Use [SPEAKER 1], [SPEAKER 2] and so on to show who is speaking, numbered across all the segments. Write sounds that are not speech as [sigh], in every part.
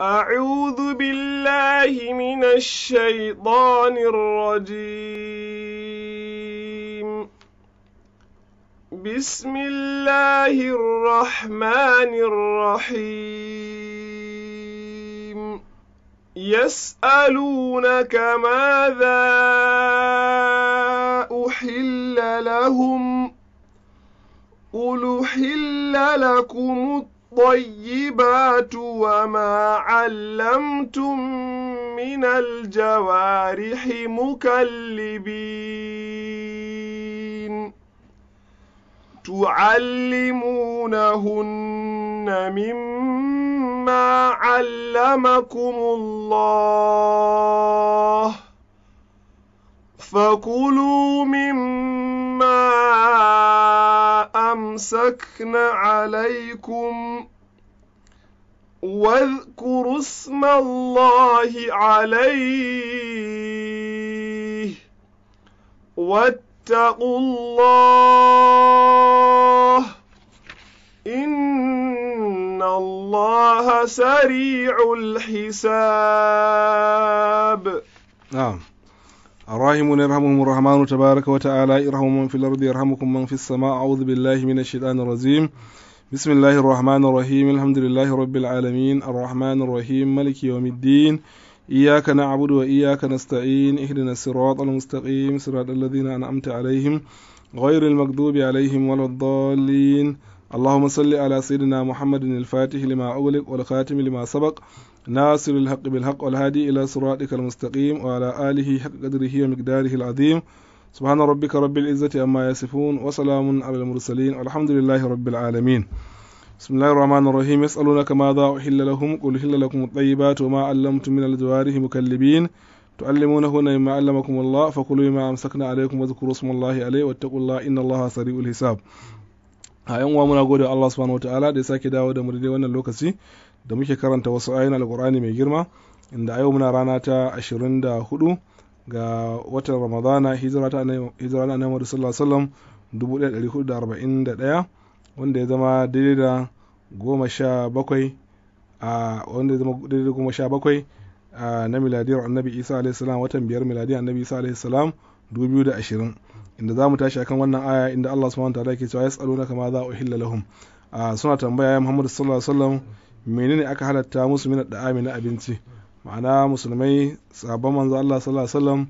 [SPEAKER 1] أعوذ بالله من الشيطان الرجيم بسم الله الرحمن الرحيم يسألونك ماذا أحل لهم قل أحل لكم الطيب الطيبات وما علمتم من الجوارح مكلبين تعلمونهن مما علمكم الله فكلوا مما أمسكن عليكم واذكروا اسم الله عليه واتقوا الله إن الله سريع الحساب
[SPEAKER 2] نعم الراحمون يرحمهم الرحمن تبارك وتعالى ارحموا من في الأرض يرحمكم من في السماء أعوذ بالله من الشيطان الرجيم بسم الله الرحمن الرحيم الحمد لله رب العالمين الرحمن الرحيم ملك يوم الدين إياك نعبد وإياك نستعين اهدنا الصراط المستقيم صراط الذين أنعمت عليهم غير المكذوب عليهم ولا الضالين اللهم صل على سيدنا محمد الفاتح لما أغلق والخاتم لما سبق ناصر الحق بالحق والهادي إلى صراطك المستقيم وعلى آله حق قدره ومقداره العظيم سبحان ربك رب العزة أما يصفون وسلام على المرسلين والحمد لله رب العالمين بسم الله الرحمن الرحيم يسألونك ماذا أحل لهم قل حل لكم الطيبات وما علمتم من الجوارح مكلبين تعلمونهن مما علمكم الله فكلوا مما أمسكنا عليكم واذكروا اسم الله عليه واتقوا الله إن الله سريع الحساب a yan uwa muna gode Allah subhanahu wataala da ya sake dawo da mu daidai wannan lokaci da muke karanta wasu ayoyin alkur'ani mai girma inda a yau muna rana ta 24 ga watan ramadana hijira ta annabi muhammad sallallahu alaihi wasallam 1441 wanda ya zama daidai da goma sha bakwai a wanda ya zama daidai da goma sha bakwai na miladiyar annabi isa alaihi salam watan biyar miladiyar annabi isa alaihi salam 2020 inda za mu tashi akan wannan aya inda Allah subhanahu wa ta'ala ke cewa na kama za a uhilla lahum suna tambaya ya muhammadu sallallahu alaihi wasallam menene aka halatta musu min da'ami na abinci ma'ana musulmai sabon manzo Allah sallallahu alaihi wasallam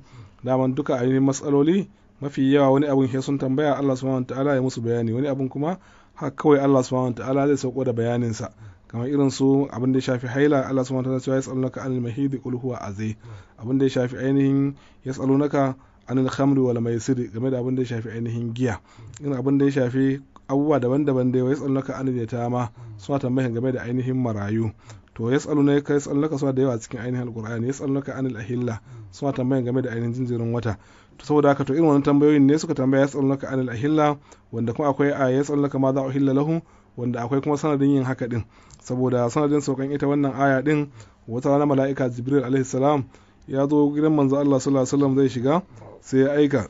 [SPEAKER 2] daman duka ainihin matsaloli mafi yawa wani abun he sun tambaya Allah subhanahu ta'ala ya musu bayani wani abun kuma haka kawai Allah subhanahu ta'ala zai sauko da bayanin sa kamar irin su abin da ya shafi haila Allah subhanahu ta'ala cewa naka anil mahid qul huwa azay abin da ya shafi ainihin ya naka anil khamri wal maisir game da abin da ya shafi ainihin giya irin abin da ya shafi abubuwa daban-daban dai wai tsallaka an da ta ma suna tambayan game da ainihin marayu to ya tsallu ne kai tsallaka suna da yawa cikin ainihin alkur'ani ya tsallaka an al'ahilla suna tambayan game da ainihin jinjirin wata to saboda haka to irin wannan tambayoyin ne suka tambaya ya tsallaka an al'ahilla wanda kuma akwai a ya tsallaka ma za a hilla lahu wanda akwai kuma sanadin yin haka din saboda sanadin saukan ita wannan aya din wata rana mala'ika jibril alaihi salam ya zo gidan manzo Allah sallallahu alaihi wasallam zai shiga sai ya aika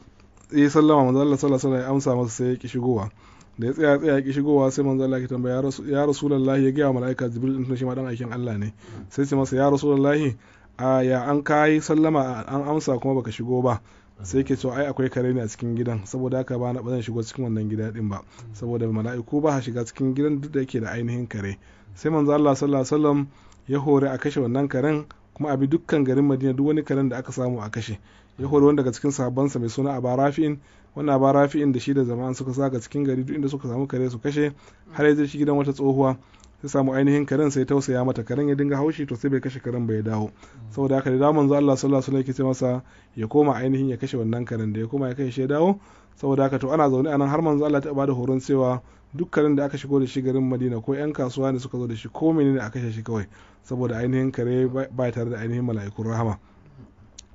[SPEAKER 2] ya sallama manzo Allah sallallahu alaihi wasallam ya amsa masa sai ya ki shigowa da ya tsaya tsaya ki shigowa sai manzo Allah ya tambaya ya rasulullahi ya gaya mala'ika jibril din shi ma dan aikin Allah ne sai ce masa ya rasulullahi a ya an kai sallama an amsa kuma baka shigo ba sai ke cewa ai akwai kare ne a cikin gidan saboda haka ba na bazan shigo cikin wannan gida din ba saboda mala'iku ba shiga cikin gidan duk da yake da ainihin kare sai manzo Allah sallallahu alaihi wasallam ya hore a kashe wannan karen kuma a bi dukkan garin Madina duk wani karen da aka samu a kashe ya hore wanda daga cikin sa mai suna Abarafin wannan ba rafi'in da shi da zaman suka saka cikin gari duk inda suka samu kare su kashe har ya shi gidan wata tsohuwa sai samu ainihin karen sai tausaya mata karen ya dinga haushi to sai bai kashe karen bai dawo saboda haka da daman zuwa Allah sallallahu alaihi wasallam yake ce masa ya koma ainihin ya kashe wannan karen da ya koma ya kashe shi ya dawo saboda haka to ana zaune a nan har manzo Allah ta bada horon cewa duk karen da aka shigo da shi garin Madina ko yan kasuwa ne suka zo da shi ko menene a kashe shi kawai saboda ainihin kare ba tare da ainihin mala'ikun rahama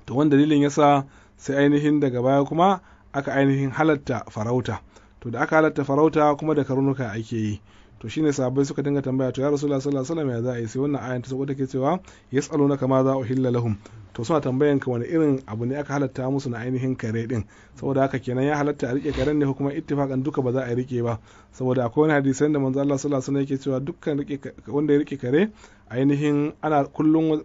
[SPEAKER 2] to wanda dalilin yasa sai ainihin daga baya kuma aka ainihin halatta farauta to da aka halatta farauta kuma da karnuka ake yi to shine sabai suka dinga tambaya to ya rasulullah sallallahu alaihi wasallam ya za a yi sai wannan ayan ta sako take cewa yasaluna kama za uhilla lahum to suna tambayan ka wani irin abu ne aka halatta musu na ainihin kare din saboda haka kenan ya halatta a rike karen ne ko kuma ittifaqan duka ba za a rike ba saboda akwai wani hadisi da manzo Allah sallallahu alaihi wasallam yake cewa dukkan rike wanda ya rike kare ainihin ana kullun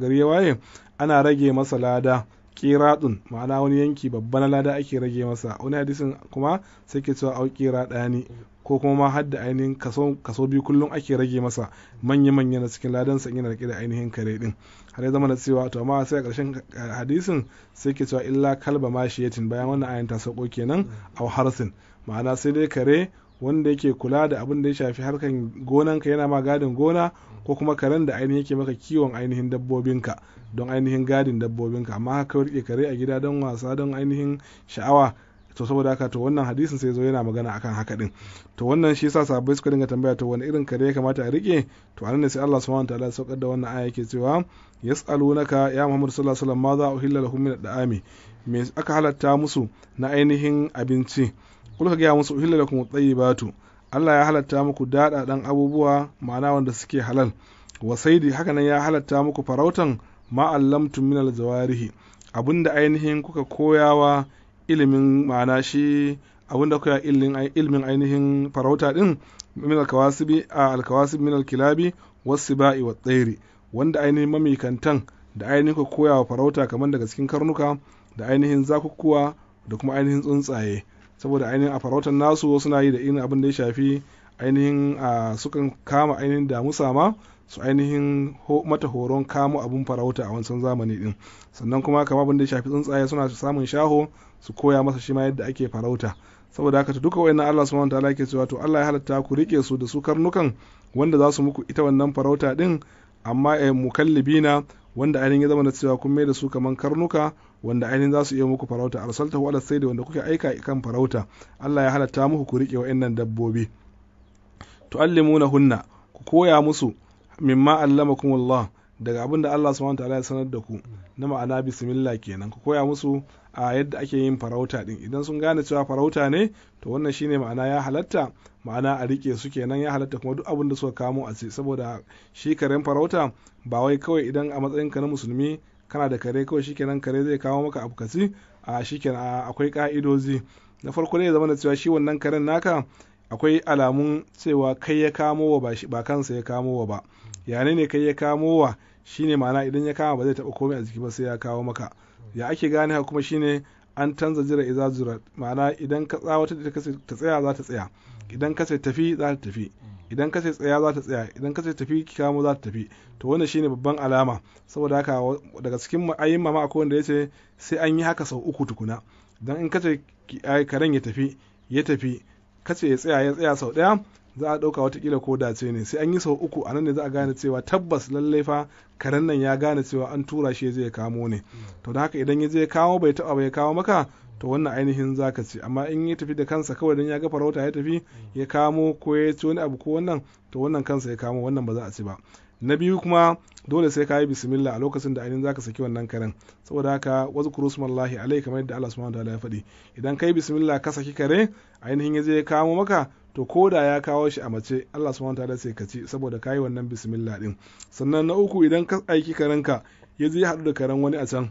[SPEAKER 2] gari ya waye ana rage masa lada ɗin ma'ana wani yanki babba na lada ake rage masa wani hadisin kuma sai ke cewa au kira ɗani ko kuma ma hadda ainihin kaso biyu kullum ake rage masa manya manya na cikin ladan sa yana rike da ainihin kare din har ya zama na cewa to amma sai a ƙarshen hadisin sai ke cewa illa kalba mashiyatin bayan wannan ayan ta sauko kenan au harsin ma'ana sai dai kare wanda yake kula da abin da ya shafi harkan gonanka yana ma gadin gona ko kuma karen da ainihin yake maka kiwon ainihin dabbobinka don ainihin gadin dabbobinka amma haka rike kare a gida don wasa don ainihin sha'awa to saboda haka to wannan hadisin sai zo yana magana akan haka din to wannan shi yasa sahabbai suka dinga tambaya to wani irin kare ya kamata a rike to anan ne sai Allah subhanahu wataala ya saukar da wannan aya yake cewa yas'alunaka ya Muhammad sallallahu alaihi wasallam ma za uhilla lahum min da'ami me aka halatta musu na ainihin abinci kul ka gaya musu uhilla tsayi batu Allah ya halatta muku daɗaɗan abubuwa ma'ana wanda suke halal wa saidi hakanan ya halatta muku farautan ma'allamtum minal jawarihi abinda ainihin kuka koyawa ilimin ma'ana shi abinda kuka ilimin ainihin farauta din min al-kawasibi a alkawasib min alkilabi wasibai wa tsairi wanda ainihin mamikantan da ainihin kuka koyawa farauta kamar daga cikin karnuka da ainihin zakukuwa da kuma ainihin tsuntsaye saboda ainihin a farautar nasu suna yi da irin abin da ya shafi ainihin sukan kama ainihin damusa ma su ainihin mata horon kamo abin farauta a wancan zamani din sannan kuma kama abin da ya shafi tsuntsaye suna samun shaho su koya masa shi ma yadda ake farauta saboda haka duka wayannan Allah subhanahu wataala yake cewa to Allah ya halatta ku rike su da su karnukan wanda za su muku ita wannan farauta din amma eh, mukallibina wanda ainihin ya zama da cewa kun mai da su kaman karnuka wanda ainihin za su iya muku farauta arsalta wala sai da wanda kuke aika kan farauta Allah ya halatta muku ku rike wa'annan dabbobi na hunna ku koya musu mimma Allah daga abin da Allah subhanahu wataala ya sanar da ku na ma'ana bismillah kenan ku koya musu a yadda ake yin farauta din idan sun gane cewa farauta ne to wannan shine ma'ana ya halatta ma'ana a rike su kenan ya halatta kuma duk abin da suka kamo a ce saboda shi karen farauta ba wai kawai idan a matsayinka na musulmi kana da kare kawai shikenan kare zai kawo maka abu kasi a shikenan akwai ka'idozi na farko dai zama da cewa shi wannan karen naka akwai alamun cewa kai ya kamo wa ba kansa ya kamo wa ba yane ne kai ya kamo wa shine ma'ana idan ya kama ba zai taɓa komai a jiki ba sai ya kawo maka ya ake gane kuma shine an tanza jira iza zura ma'ana idan ka tsawata ta tsaya za ta tsaya idan ka tafi za ta tafi idan ka sai tsaya za ta tsaya idan ka sai tafi kamo za ta tafi to wannan shine babban alama saboda haka daga cikin ayin mama akwai wanda yace sai an yi haka sau uku tukuna dan in ka ce karen ya tafi ya tafi ka ya tsaya ya tsaya sau daya za a ɗauka kila ko dace ne sai an yi sau uku anan ne za a gane cewa tabbas lallai fa karen nan ya gane cewa an tura shi zai kamo ne mm. to da haka idan ya je kawo bai taɓa bai kawo maka to wannan ainihin zaka ci amma in ya tafi da kansa kawai don ya ga farauta ya tafi ya kamo ko ya ci wani abu ko wannan to wannan kansa ya kamo wannan ba za a ci ba na biyu kuma dole sai ka yi bismillah a lokacin da ainihin zaka saki wannan karen saboda haka wasu kurusmallahi alai kamar yadda Allah subhanahu wataala ya faɗi idan kai bismillah ka saki kare ainihin ya je ya kamo maka to ko da ya kawo shi a mace Allah subhanahu ta'ala sai ka ci saboda ka yi wannan bismillah din sannan na uku idan ka aiki karenka ya je ya haɗu da karen wani a can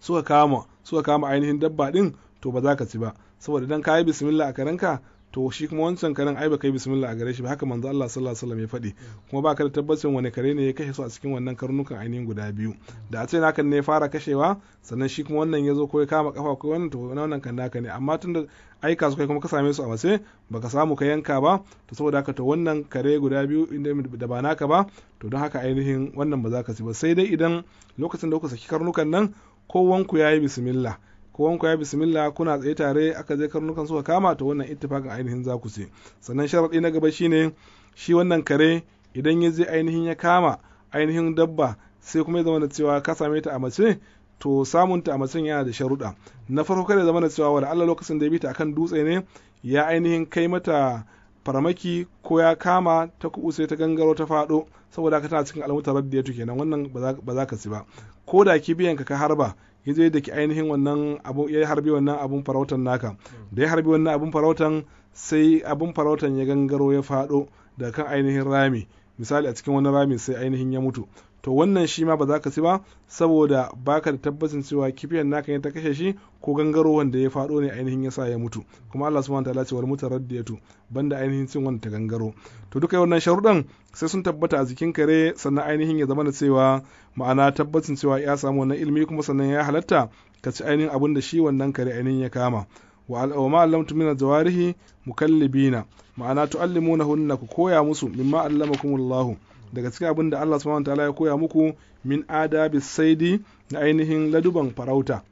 [SPEAKER 2] suka kama suka kama ainihin dabba din to ba za ka ci ba saboda dan kayi bismillah a karanka to shi kuma wancan karen ai baka yi bismillah a gare shi ba haka manzo Allah sallallahu alaihi wasallam ya faɗi kuma baka da tabbacin wani kare ne ya kashe su a cikin wannan karnukan ainihin guda biyu da a ce naka ne fara kashewa sannan shi kuma wannan ya zo ko ya kama kafa ko wannan to wannan kan naka ne amma tunda aika su kai kuma ka same su a mace baka samu ka yanka ba to saboda haka to wannan kare guda biyu inda da ba naka ba to don haka ainihin wannan ba za ka ci ba sai dai idan lokacin da kuka saki karnukan nan kowanku ya yi bismillah kowanku ya yi bismillah kuna tsaye tare aka je karnukan suka kama to wannan ittifaqin ainihin za ku sannan sharadi na gaba shine shi wannan kare idan ya je ainihin ya kama ainihin dabba sai kuma ya zama da cewa ka same ta a mace to samun ta a mace yana da sharuɗa na farko kada zama da cewa wala Allah lokacin da ya bi ta akan dutse ne ya ainihin kai mata farmaki ko ya kama ta kuɓu sai ta gangaro ta faɗo saboda haka tana cikin almutar radiyatu kenan wannan ba za ka si ba ko da ki biyan ka ka harba ya zai da ki ainihin wannan abu ya harbi wannan abun farautan naka da ya harbi wannan abun farautan sai abun farautan ya gangaro ya fado da kan ainihin rami misali a cikin wani rami sai ainihin ya mutu to wannan shi ma ba za ka ci ba saboda baka da tabbacin cewa kifiyar naka ne ta kashe shi ko gangaro wanda ya faɗo ne ainihin ya sa ya mutu kuma Allah subhanahu wataala ce wal mutaraddiyatu banda ainihin cin wanda ta gangaro to duka wannan sharuɗan sai sun tabbata a jikin kare sannan ainihin ya zama da cewa ma'ana tabbacin cewa ya samu wannan ilimi kuma sannan ya halatta ka ci ainihin abin da shi wannan kare ainihin ya kama wa ma allamtu min jawarihi mukallibina ma'ana tu'allimunahunna ku koya musu mimma allamakumullahu daga cikin abin da Allah subhanahu wataala ya koya muku min adabi saidi na ainihin laduban farauta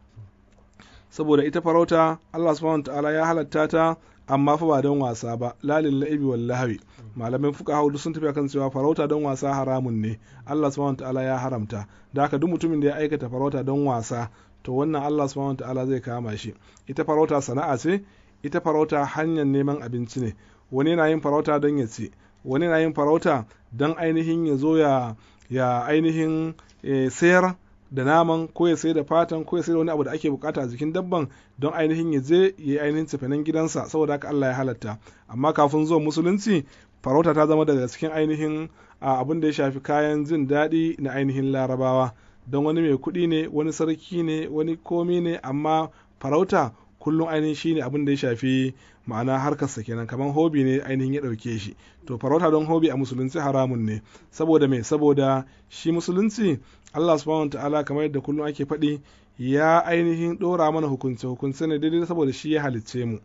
[SPEAKER 2] saboda ita farauta Allah subhanahu wataala ya halatta ta amma fa ba don wasa ba lalin la'ibi wal lahawi malamin fuqaha duk sun tafi kan cewa farauta don wasa haramun ne Allah subhanahu wataala ya haramta da haka duk mutumin da ya aikata farauta don wasa to wannan Allah subhanahu wataala zai kama shi ita farauta sana'a ce ita farauta hanyar neman abinci ne wani yana yin farauta don ya ci wani na yin farauta don ainihin ya zo ya ainihin eh, sayar da naman ko ya sai da fatan ko ya sai da wani abu da ake bukata a jikin dabban don ainihin ya je ya yi ainihin tafanin gidansa saboda haka Allah ya halatta amma kafin zuwa musulunci farauta ta zama daga cikin ainihin abin da ya shafi kayan jin daɗi na ainihin larabawa don wani mai kuɗi ne wani sarki ne wani komi ne amma farauta kullum ainihin shine abin da ya shafi ma'ana harkarsa kenan kamar hobi ne ainihin ya ɗauke shi to farauta don hobi a musulunci haramun ne saboda mai saboda shi musulunci Allah subhanahu ta'ala kamar yadda kullum ake faɗi ya ainihin ɗora mana hukunce hukunce ne daidai saboda shi ya halicce mu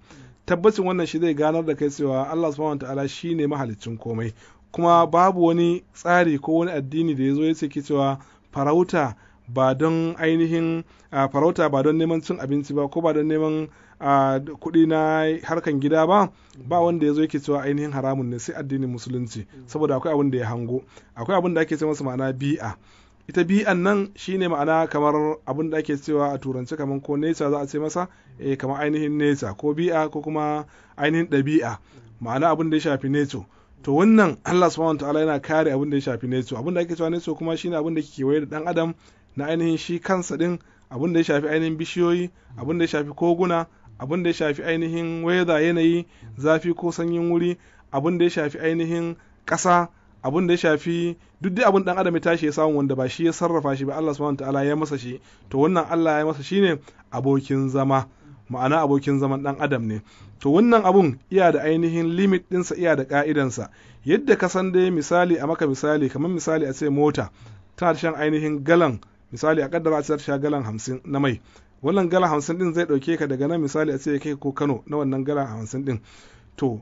[SPEAKER 2] tabbacin wannan shi zai ganar da kai cewa Allah subhanahu ta'ala shi ne mahaliccin komai kuma babu wani tsari ko wani addini da ya zo ya ce cewa farauta ba don ainihin farauta ba don neman cin abinci ba ko ba don neman a kuɗi na harkan gida ba ba wanda ya zo yake cewa ainihin haramun ne sai addinin musulunci saboda akwai abin da ya hango akwai abin da ake ce masa ma'ana bi'a ita bi'an nan shine ma'ana kamar abin da ake cewa a turance kamar ko nesa za a ce masa eh kamar ainihin nesa ko bi'a ko kuma ainihin ɗabi'a ma'ana abin da ya shafi neto to wannan Allah subhanahu wataala yana kare abin da ya shafi neto abin da ake cewa neto kuma shine abin da ke waye da dan adam na ainihin shi kansa din abin da ya shafi ainihin bishiyoyi abin da ya shafi koguna abin da ya shafi ainihin weza yanayi zafi ko sanyin wuri abin da ya shafi ainihin ƙasa abin da ya shafi duk dai abin dan adam ya tashi ya samu wanda ba shi ya sarrafa shi ba Allah subhanahu ta'ala ya masa shi to wannan Allah ya masa shine abokin zama ma'ana abokin zaman dan adam ne to wannan abun iya da ainihin limit dinsa iya da ka'idansa yadda ka san dai misali a maka misali kamar misali a ce mota tana shan ainihin galan misali a kaddara a ce ta galan hamsin na mai wannan gala hamsin din zai ɗauke ka daga nan misali a ce kai ko kano na wannan gala hamsin din to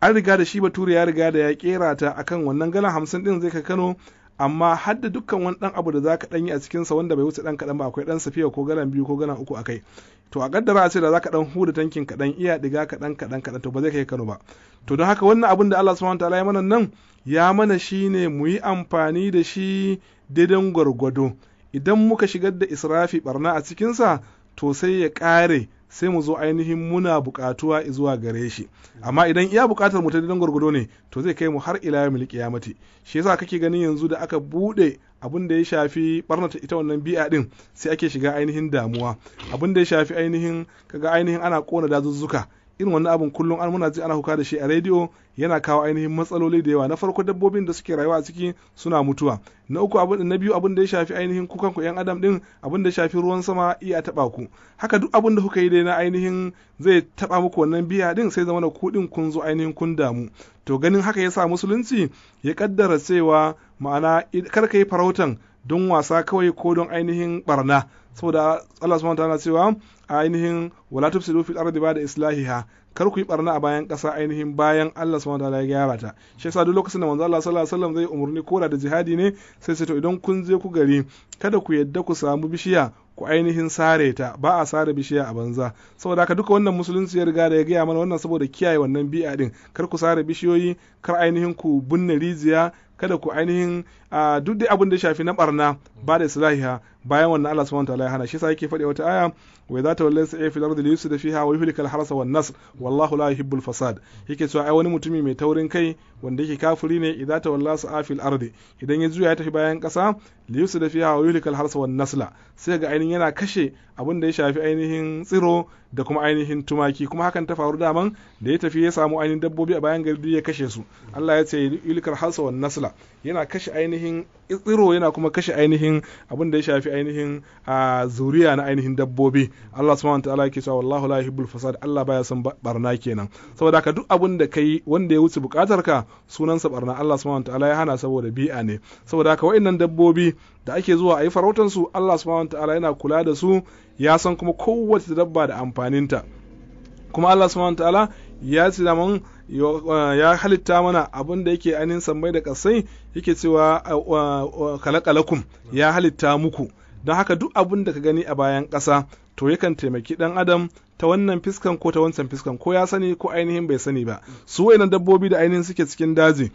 [SPEAKER 2] an riga da shi bature ya riga da ya kera ta akan wannan gala hamsin din zai ka kano amma har da dukkan wani dan abu da zaka dan yi a cikin sa wanda bai wuce dan kadan ba akwai dan safiya ko galan biyu ko galan uku akai to a kaddara a ce da zaka dan huda tankin kadan iya diga kaɗan kadan kadan to ba zai kai Kano ba to don haka wannan abin da Allah subhanahu wataala ya mana nan ya mana shine mu yi amfani da shi daidan gwargwado idan muka shigar da israfi barna a cikin sa to sai ya ƙare sai mu zo ainihin muna buƙatuwa zuwa gare shi amma idan iya buƙatar mu ta dan gwargwado ne to zai kai mu har ila yawmil yamati shi yasa kake ganin yanzu da aka bude abin da ya shafi barnata ita wannan bi'a din sai ake shiga ainihin damuwa abin da ya shafi ainihin kaga ainihin ana kona dazuzzuka irin wannan abin kullum an muna ji ana kuka da shi a rediyo yana kawo ainihin matsaloli da yawa na farko dabbobin da suke rayuwa a ciki suna mutuwa na uku abin na biyu abin da ya shafi ainihin kukan ku yan adam din abin da ya shafi ruwan sama iya taba ku haka duk abin da kuka yi dai na ainihin zai taba muku wannan biya din sai zama na ku din kun zo ainihin kun damu to ganin haka yasa musulunci ya kaddara cewa ma'ana kar ka yi farautan don wasa kawai ko don ainihin barna saboda Allah subhanahu wa ta'ala cewa ainihin wala tufsidu fil ardi ba'da islahiha kar ku yi barna a bayan ƙasa ainihin bayan Allah subhanahu wataala ya gyara ta shi yasa duk lokacin da manzo Allah sallallahu alaihi wasallam zai umurni kora da jihadi ne sai sai to idan kun je ku gari kada ku yadda ku samu bishiya ku ainihin sare ta ba a sare bishiya a banza saboda haka duka wannan musulunci ya riga da ya gaya mana wannan saboda kiyaye wannan bi'a din kar ku sare bishiyoyi kar ainihin ku binne rijiya kada ku ainihin a duk dai abin da ya shafi na barna ba da islahiha bayan wannan Allah subhanahu wataala ya hana shi yasa yake faɗi wata aya wa ta tawalla sa'i fil li yusda fiha wa yuhlikal harsa wan nas wallahu la yuhibbul fasad yake cewa ai wani mutumi mai taurin kai wanda yake kafiri ne idza tawalla sa'a fil ardi idan ya juya ya tafi bayan ƙasa yusda fiha wa yuhlikal harsa wan nasla sai ga ainihin yana kashe abin da ya shafi ainihin tsiro da kuma ainihin tumaki kuma hakan ta faru daman da ya tafi ya samu ainihin dabbobi a bayan gari ya kashe su Allah ya ce yuhlikal harsa wan nasla yana kashe ainihin tsiro yana kuma kashe ainihin abin da ya shafi ainihin a zuriya na ainihin dabbobi Allah subhanahu wataala yake cewa wallahu la yuhibbul fasad Allah baya san barna kenan saboda ka duk abin da kai wanda ya wuce bukatar ka sunan barna Allah subhanahu wataala ya hana saboda bi'a ne saboda ka wayannan dabbobi da ake zuwa a yi farautar su Allah subhanahu wataala yana kula da su ya san kuma kowace dabba da amfaninta kuma Allah subhanahu wataala ya ce da mun Uh, ya halitta mana abin da yake ainihin sammai da kasai yake cewa uh, uh, kalakalakum ya halitta muku don haka duk abin da ka gani a bayan ƙasa to yakan taimaki ɗan adam ta wannan fiskan ko ta wancan fiskan ko ya sani ko ainihin bai sani ba su wayannan dabbobi da ainihin suke cikin daji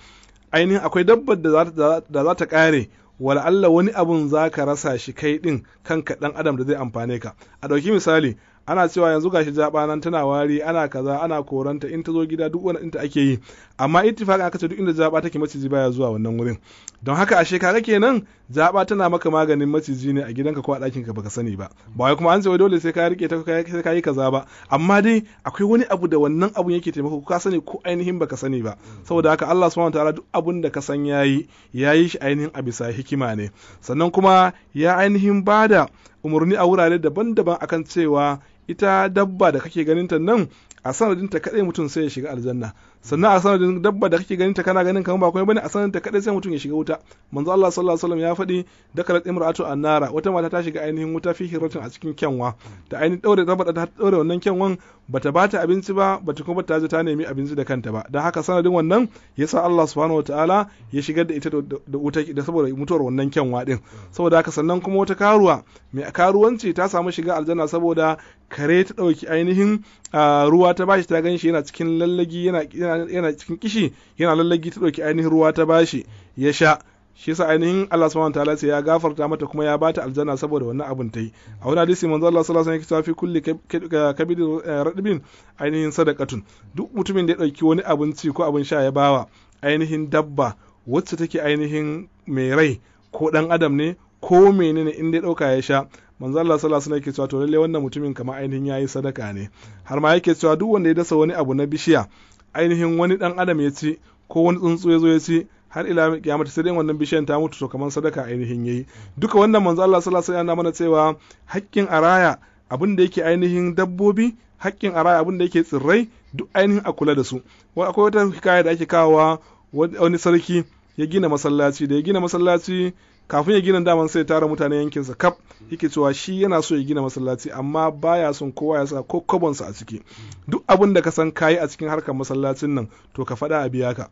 [SPEAKER 2] ainihin akwai dabbar da za ta kare wala Allah wani abun za ka rasa shi kai ɗin kanka ɗan adam da zai amfane ka a ɗauki misali ana cewa yanzu gashi jaba nan tana wari ana kaza ana koranta in ta zo gida duk wani ta ake yi amma ittifaqan aka ce duk inda jaba take maciji baya zuwa wannan wurin don haka a shekara kenan jaba tana maka maganin maciji ne a gidanka ko a dakin ka baka sani ba ba wai kuma an ce dole sai ka rike ta sai ka yi kaza ba amma dai akwai wani abu da wannan abun yake taimako ka sani ko ainihin baka sani ba saboda haka Allah subhanahu wataala duk abun da ka san yayi yayi shi ainihin a bisa hikima ne sannan kuma ya ainihin bada umarni a wurare daban-daban akan cewa ita dabba da kake ganin ta nan a sanadinta kaɗai mutum sai ya shiga aljanna sannan a sanadin dabba da kake ganin ta kana ganin kamar ba kuma bane a sanar ta kadai sai mutum ya shiga wuta manzo Allah sallallahu alaihi wasallam ya faɗi kalat imratu annara wata mata ta shiga ainihin wuta fi hiratin a cikin kyanwa ta ainihin daure rabada ta daure wannan kyanwan bata bata abinci ba bata kuma ta je ta nemi abinci da kanta ba dan haka sanadin wannan yasa Allah subhanahu wataala ya shigar da ita da wuta da saboda mutuwar wannan kyanwa din saboda haka sannan kuma wata karuwa mai karuwanci ta samu shiga aljanna saboda kare ta dauki ainihin ah, ruwa ta bashi ta ganshi yana cikin lallagi yana yana cikin kishi yana lallagi ta ɗauki ainihin ruwa ta bashi ya sha shi yasa ainihin Allah subhanahu wataala sai ya gafarta mata kuma ya bata aljanna saboda wannan abun ta yi a wani hadisi manzo Allah sallallahu alaihi wasallam fi kulli kabidin eh, radbin ainihin sadaqatun duk mutumin da ya dauki wani abinci ko abin sha ya bawa ainihin dabba wacce take ainihin mai rai ko dan adam ne ko menene in dai dauka ya sha manzo Allah sallallahu alaihi wasallam ya cewa to lalle wannan mutumin kamar ainihin yayi sadaka ne har ma yake cewa duk wanda ya dasa wani abu na bishiya ainihin wani ɗan adam ya ci ko wani tsuntsu ya zo ya ci har ila kiyamata sai dai wannan bishiyan ta mutu to kamar sadaka ainihin yayi duka wannan manzo Allah sallallahu alaihi wasallam mana cewa haƙƙin araya abin da yake ainihin dabbobi haƙƙin araya abin da yake tsirrai duk ainihin a kula da su wa akwai wata hikaya da ake kawowa wani sarki ya gina masallaci da ya gina masallaci kafin ya gina daman sai tara mutane yankinsa kaf yake cewa shi yana so ya gina masallaci amma baya son kowa ya sa ko kobonsa a ciki duk abin da ka san kayi a cikin harkar masallacin nan to ka faɗa a biya ka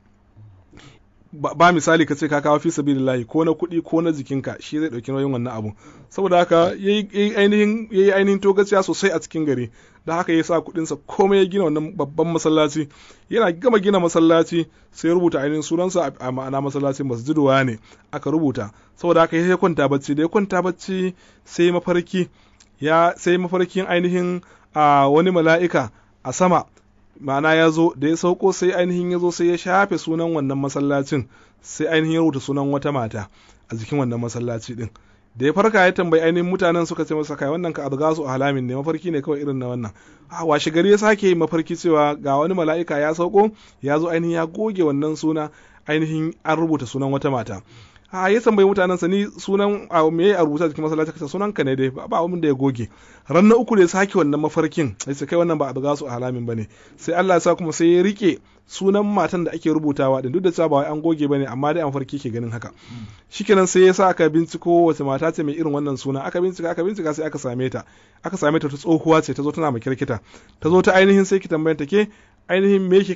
[SPEAKER 2] ba misali ka ce ka kawo fi sabilillahi ko na kuɗi ko na jikinka shi zai ɗauki nauyin wannan abun saboda haka yayi ainihin yayi ainihin togaciya sosai a cikin gari da haka ya sa kuɗinsa komai ya gina wannan babban masallaci yana gama gina masallaci sai ya rubuta ainihin sunansa a ma'ana masallaci masu masjidu ne aka rubuta saboda haka ya kwanta bacci da ya kwanta bacci sai mafarki ya sai mafarkin ainihin a wani mala'ika a sama ma'ana ya zo da ya sauko sai ainihin ya zo sai ya shafe sunan wannan masallacin sai ainihin ya rubuta sunan wata mata a jikin wannan masallaci din da ya farka ya tambayi ainihin mutanen suka ce masa kai wannan ka azga su halamin ne mafarki ne kawai irin na wannan a washe gari ya sake yin mafarki cewa ga wani mala'ika ya sauko ya zo ainihin ya goge wannan suna ainihin an rubuta sunan wata mata a ya tambayi mutanen sa ni sunan a me a rubuta cikin masallaci kace sunan ka ne dai ba abin da ya goge ran na uku da ya sake wannan mafarkin sai kai wannan ba a buga su a halamin bane sai Allah ya sa kuma sai ya rike sunan matan da ake rubutawa din duk da cewa ba wai an goge bane amma dai an farki ke ganin haka hmm. shikenan sai ya sa aka binciko wace mata ce mai irin wannan suna aka bincika aka bincika sai aka same ta aka same ta ta tsohuwa ce ta zo tana makirkita ta zo ta ainihin sai ki tambayanta ta ke ainihin me yake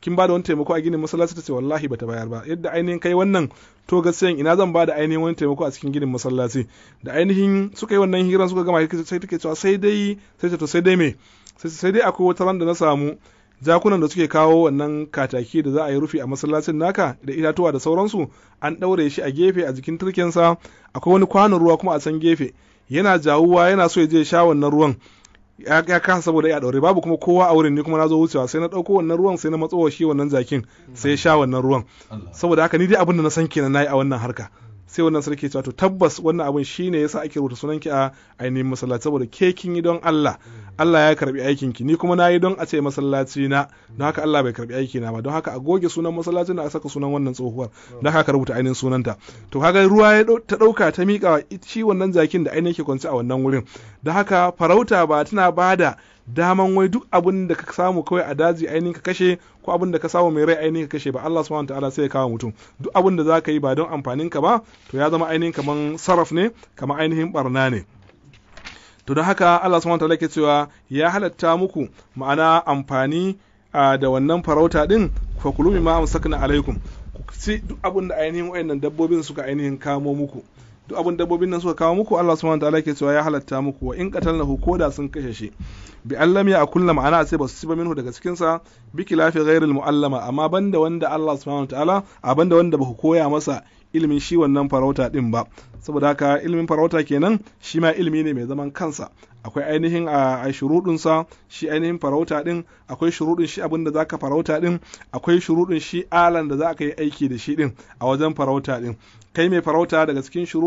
[SPEAKER 2] kin bada wani taimako a ginin masallaci ta ce wallahi bata bayar ba yadda ainihin kai wannan to gaskiya ina zan bada ainihin wani taimako a cikin ginin masallaci da ainihin suka yi wannan hiran suka gama sai take cewa sai dai sai ta to sai dai me sai dai akwai wata ran da na samu jakunan da suke kawo wannan kataki da za a yi rufi a masallacin naka da itatuwa da sauransu an ɗaure shi a gefe a jikin turkensa akwai wani kwanon ruwa kuma a can gefe yana jawuwa yana so ya je sha wannan ruwan ya kasa saboda ya daure babu kuma kowa a wurin ni kuma na zo wucewa sai na ɗauko wannan ruwan sai na matsowa shi wannan zakin sai ya sha wannan ruwan saboda haka ni dai abin da na san kenan nayi a wannan harka sai wannan sarki cewa to tabbas wannan abin shine yasa ake rubuta sunan ki a ainihin masallaci saboda ke kin yi don Allah Allah ya karbi aikin ki ni kuma nayi don a ce masallaci na don haka Allah bai karbi aiki na ba don haka a goge sunan masallaci na a saka sunan wannan tsohuwar don haka rubuta ainihin sunanta to kaga ruwa ya ta dauka ta mika shi wannan jakin da ainihin ke kwance a wannan wurin don haka farauta ba tana bada daman wai duk abin da ka samu kawai a daji ainihin ka kashe ko abin da ka samu mai rai ainihin ka kashe ba Allah subhanahu wataala sai ya kawo mutum duk abin da za ka yi ba don amfanin ka ba to ya zama ainihin kaman saraf ne kaman ainihin barna ne to don haka Allah subhanahu wataala ke cewa ya halatta muku ma'ana amfani da wannan farauta din fa kulumi ma amsakna alaikum ku ci duk abin da ainihin wayannan dabbobin suka ainihin kamo muku duk abin dabbobin nan suka kawo muku Allah subhanahu wataala ke cewa ya halatta muku wa in qatalnahu koda sun kashe shi bi allam ya akulla ma'ana sai ba su ci ba minhu daga cikin sa bi kilafi ghairil muallama amma banda wanda Allah subhanahu wataala a banda wanda ba ku koya masa ilimin shi wannan farauta din ba saboda haka ilimin farauta kenan shi ma ilimi ne mai zaman kansa akwai ainihin a shuruɗinsa shi ainihin farauta ɗin akwai shuruɗin shi abin za ka farauta ɗin akwai shuruɗin shi alan da za ka yi aiki da shi ɗin a wajen farauta ɗin kai mai farauta daga cikin shi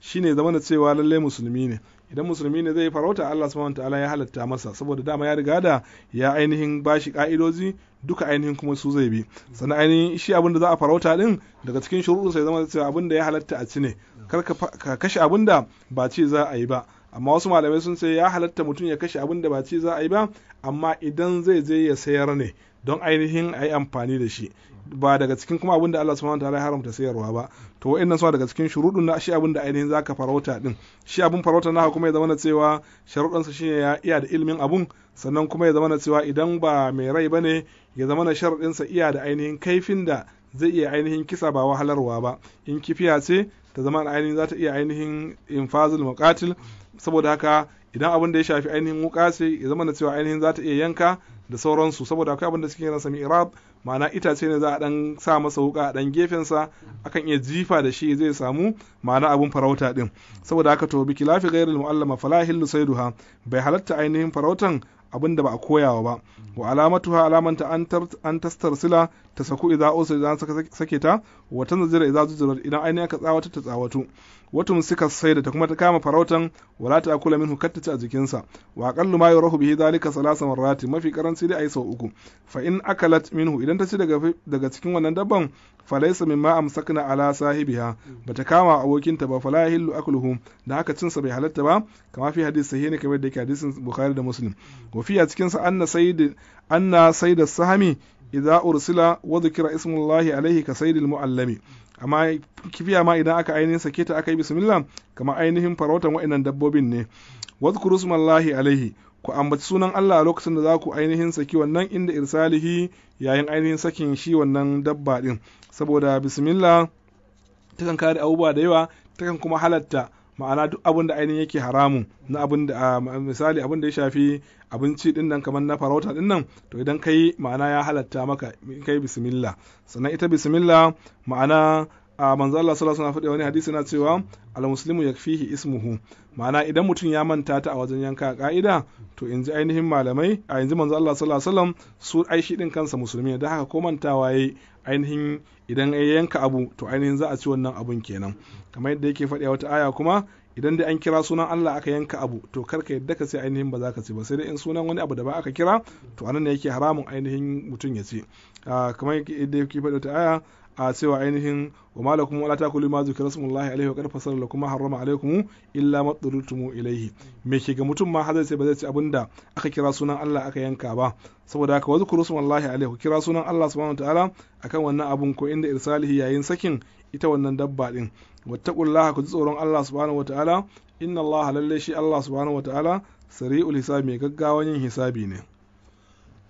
[SPEAKER 2] shine zama da cewa lallai musulmi ne idan musulmi ne zai farauta Allah subhanahu ta'ala ya halatta masa saboda dama ya riga da ya ainihin bashi ka'idoji duka ainihin kuma su zai bi sannan ainihin shi abin da za a farauta din daga cikin shuruɗin sai zama cewa abin da ya halatta a ci ne kar ka kashe abin da ba ce za a yi ba amma wasu malamai sun ce ya halatta mutum ya kashe abin da ba ci za a yi ba amma idan zai je ya sayar ne don ainihin a yi amfani da shi ba daga cikin kuma abin da Allah subhanahu wataala ya haramta sayarwa ba to wa'annan suna daga cikin shuruɗun na shi abin da ainihin zaka farauta din shi abin farauta na kuma ya zama na cewa sa shine ya iya da ilimin abun sannan kuma ya zama na cewa idan ba mai rai bane ya zama na sa iya da ainihin kaifin da zai iya ainihin kisa ba wahalarwa ba in kifiya ce ta zama ainihin za ta iya ainihin infazul muqatil saboda haka idan abin da ya shafi ainihin wuka ce ya zama da cewa ainihin za ta iya yanka da sauransu saboda akwai abin da suke sami irab ma'ana itace ne za a dan sa masa wuka a dan gefensa akan iya jifa da shi zai samu ma'ana abin farauta din saboda haka to biki lafi gairi mu'allama falahin hillu bai halatta ainihin farautan abin da ba a koyawa ba wa alamatuha alamanta an tastar sila ta saku idan osa idan sake ta wa tanzira idan zujirat idan ainihin aka tsawata ta tsawatu watum suka saida ta kuma ta kama farautan wala ta akula minhu katta ta jikinsa wa aqallu ma yurahu bihi zalika salasa marrati mafi karanci dai ai sau uku fa in akalat minhu idan ta ci daga daga cikin wannan dabban falaysa mimma amsakna ala sahibiha bata kama abokinta ba fala yahillu akluhu da haka cinsa bai halatta ba kama fi hadisi ne kamar da yake hadisin bukhari da muslim wa fi a cikin sa anna sayyid anna sayyid as-sahmi idza ursila wa dhukira ismullahi alayhi ka sayyidil muallami amma kibiya ma idan aka ainihin sake ta aka yi bismillah kamar ainihin farautan wa'annan dabbobin ne wazkuru smallahi alaihi ku ambaci sunan Allah a lokacin da za ku ainihin saki wannan inda irsalihi yayin ainihin sakin shi wannan dabba din saboda bismillah takan kare abubuwa da yawa takan kuma halatta ma'ana duk abin da ainihin yake haramun na abin da misali abin da ya shafi abinci din nan kamar na farauta din nan to idan kai ma'ana ya halatta maka kai bismillah sannan ita bismillah ma'ana a manzo Allah sallallahu alaihi wasallam wani hadisi na cewa al muslimu yakfihi ismuhu ma'ana idan mutum ya manta ta a wajen yanka ka'ida to inji ainihin malamai a yanzu manzo Allah sallallahu alaihi wasallam su ai shi din kansa musulmi da haka ko mantawa yayi ainihin idan ya yanka abu to ainihin za a ci wannan abun kenan kamar yadda yake faɗi a wata aya kuma idan dai an kira sunan Allah aka yanka abu to kar ka yadda ka sai ainihin ba za ka ci ba sai dai in sunan wani abu da ba aka kira to anan ne yake haramun ainihin mutum ya ci ah, kamar yadda yake faɗi wata aya a cewa ainihin wa malakum wala takulu ma zikra smullahi alaihi wa qad fasala lakum ma harrama alaikum illa ma turutumu ilaihi me ke ga mutum ma har sai ba zai ci abinda aka kira sunan Allah aka yanka ba saboda haka wazkuru smullahi alaihi ku kira sunan Allah subhanahu wataala akan wannan abun ko inda irsalihi yayin sakin ita wannan dabba din wattaqullaha ku ji tsoron Allah subhanahu wataala inna Allah lalle shi Allah subhanahu wataala sari'ul hisabi mai gaggawan yin hisabi ne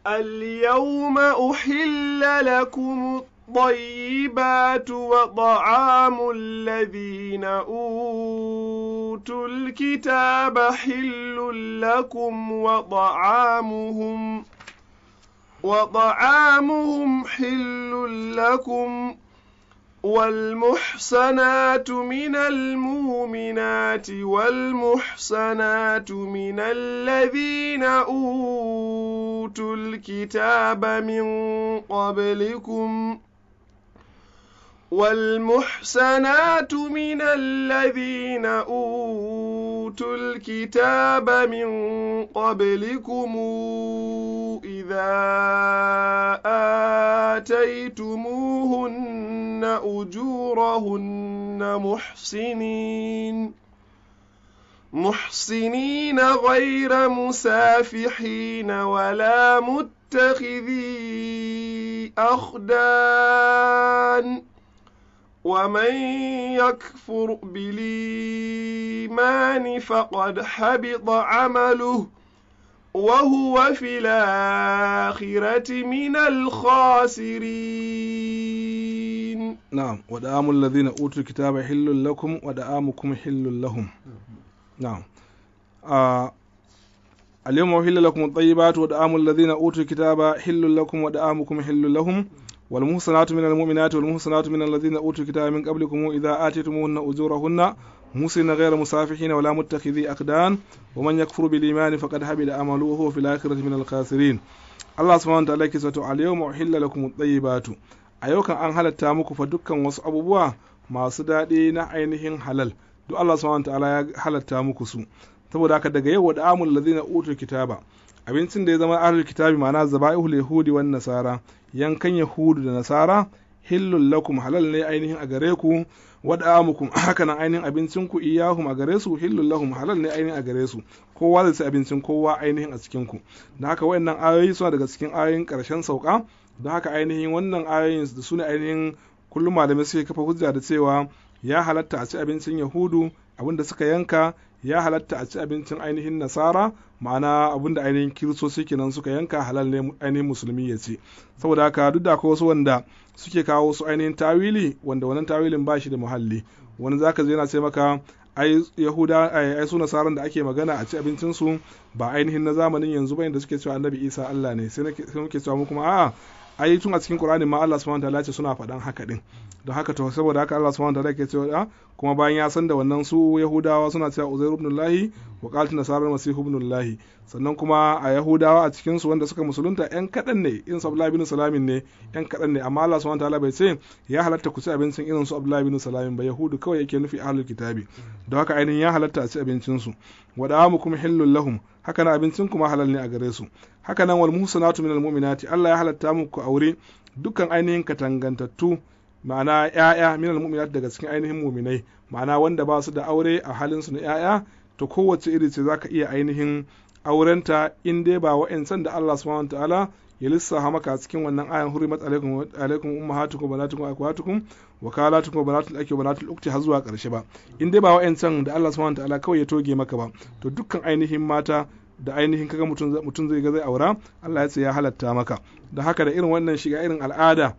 [SPEAKER 1] اليوم أحل لكم الطيبات وطعام الذين أوتوا الكتاب حل لكم وطعامهم وطعامهم حل لكم والمحصنات من المؤمنات والمحصنات من الذين أوتوا الكتاب من قبلكم ۖ والمحسنات من الذين أوتوا الكتاب من قبلكم إذا آتيتموهن أجورهن محسنين محسنين غير مسافحين ولا متخذي أخدان ومن يكفر بالإيمان فقد حبط عمله وهو في الآخرة من الخاسرين
[SPEAKER 2] نعم ودعام الذين أوتوا الكتاب حل لكم ودعامكم حل لهم نعم آه اليوم أحل لكم الطيبات ودعام الذين أوتوا الكتاب حل لكم ودعامكم حل لهم والمحصنات من المؤمنات والمحصنات من الذين أوتوا الكتاب من قبلكم إذا آتيتموهن أجورهن مسلم غير مسافحين ولا متخذي أقدان ومن يكفر بالإيمان فقد حبل عمله في الآخرة من الخاسرين الله سبحانه وتعالى كسوة اليوم أحل لكم الطيبات أيوكا أن هل التامك فدكا وصعبوا ما صدادين عينهم حلال دو الله سبحانه وتعالى هل التامك سو su saboda haka daga الذين أوتوا الكتاب أبين utul kitaba أهل الكتاب معنا زبائه اليهود والنصارى yankan yahudu da nasara hillul lakum halal ne ainihin a gare ku wad'amukum [laughs] haka nan ainihin abincin ku iyahum a gare su hillul lakum halal ne ainihin a gare su kowa zai ci abincin kowa ainihin a cikin ku da haka wayannan ayoyi suna daga cikin ayoyin karshen sauka da haka ainihin wannan ayoyin da su ne ainihin kullum malamai suke kafa hujja da cewa ya halatta a ci abincin yahudu abinda suka yanka ya halatta a ci abincin ainihin nasara ma'ana abinda ainihin kiristoci kenan suka yanka halal ne ainihin musulmi ya ce saboda haka duk da akwai wasu wanda suke kawo su ainihin tawili wanda wannan tawilin ba shi da muhalli wani zaka je yana sai maka ai yahuda ai su nasaran da ake magana a ci abincin su ba ainihin na zamanin yanzu ba inda suke cewa annabi isa allah ne sai muke cewa mu kuma a'a ai tun a cikin Qur'ani ma Allah subhanahu wataala ce suna faɗan haka din don haka to saboda haka Allah subhanahu wataala ke cewa ah, kuma bayan ya san da wannan su Yahudawa suna cewa Uzair ibn lahi wa qalat nasara masih ibn lahi sannan kuma a Yahudawa a cikin su wanda suka musulunta yan kadan ne in su abdullahi ibn Salamin ne yan kadan ne amma Allah subhanahu wataala bai ce ya halatta ku ci abincin irin su abdullahi ibn Salamin ba Yahudu kawai yake nufi ahlul kitabi don haka ainihin ya halatta a ci abincin su wa da'amukum hillul lahum haka na abincin kuma halal ne a gare su haka nan wal muhsanatu minal mu'minati Allah ya halatta muku aure dukkan ainihin katangantattu ma'ana ‘ya'ya minal mu'minat daga cikin ainihin muminai ma'ana wanda ba su da aure a halin su na ‘ya'ya to kowace iri ce zaka iya ainihin aurenta in dai ba wa'ansan da Allah subhanahu ta'ala ya lissafa maka cikin wannan ayan hurimat alaikum alaikum ummahatukum wa banatukum wa akhawatukum wa kalatukum banatul akhi banatul ukti har zuwa karshe ba in dai ba can da Allah subhanahu Ta'ala kawai ya toge maka ba to dukkan ainihin mata da ainihin kaga mutum zai ga zai aura Allah ya ce ya halatta maka da haka da irin wannan shiga irin al'ada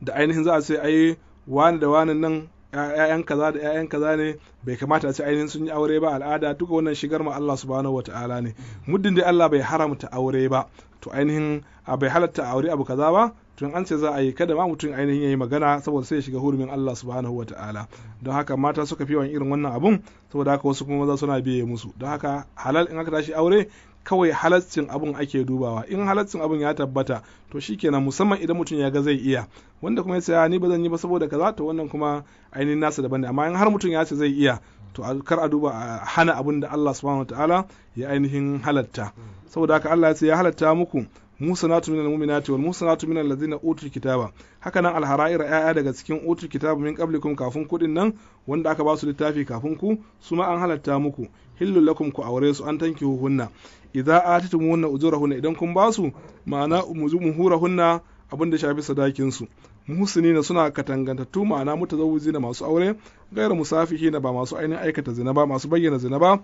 [SPEAKER 2] da ainihin za a ce ai wani da wani nan ‘ya'yan kaza da ‘ya'yan kaza ne bai kamata a ce ainihin sun yi aure ba al'ada duka wannan shigar ma Allah subhanahu ta’ala ne muddin dai Allah bai haramta aure ba to ainihin a bai halatta a aure abu kaza ba to an ce za a yi kada ma mutum ainihin ya yi magana saboda sai ya shiga hurumin Allah subhanahu wa ta'ala don haka mata suka fi yawan irin wannan abun saboda haka wasu kuma maza suna biye musu don haka halal in aka tashi aure kawai halaccin abun ake dubawa in halaccin abun ya tabbata to shikenan musamman idan mutum ya ga zai iya wanda kuma ya ce ni ba zan yi ba saboda kaza to wannan kuma ainihin nasa daban ne amma in har mutum ya ce zai iya to kar a duba hana abun da Allah subhanahu wa ta'ala ya ainihin halatta saboda haka Allah ya ce ya halatta muku musanatu minal mu'minati wal musanatu minal ladzina utul kitaba haka nan alhara'ira yaya daga cikin utul kitaba min qablikum kafin kuɗin nan wanda aka ba su littafi kafin ku su ma an halatta muku hillul lakum ku aure su an tanki hunna idza atitumuhunna ujurahunna idan kun ba su ma'ana muzumuhurahunna abin da shafi sadakin su na suna katangantattu ma'ana mutazawwizi na masu aure gairu musafihi na ba masu ainihin aikata zina ba masu bayyana zina ba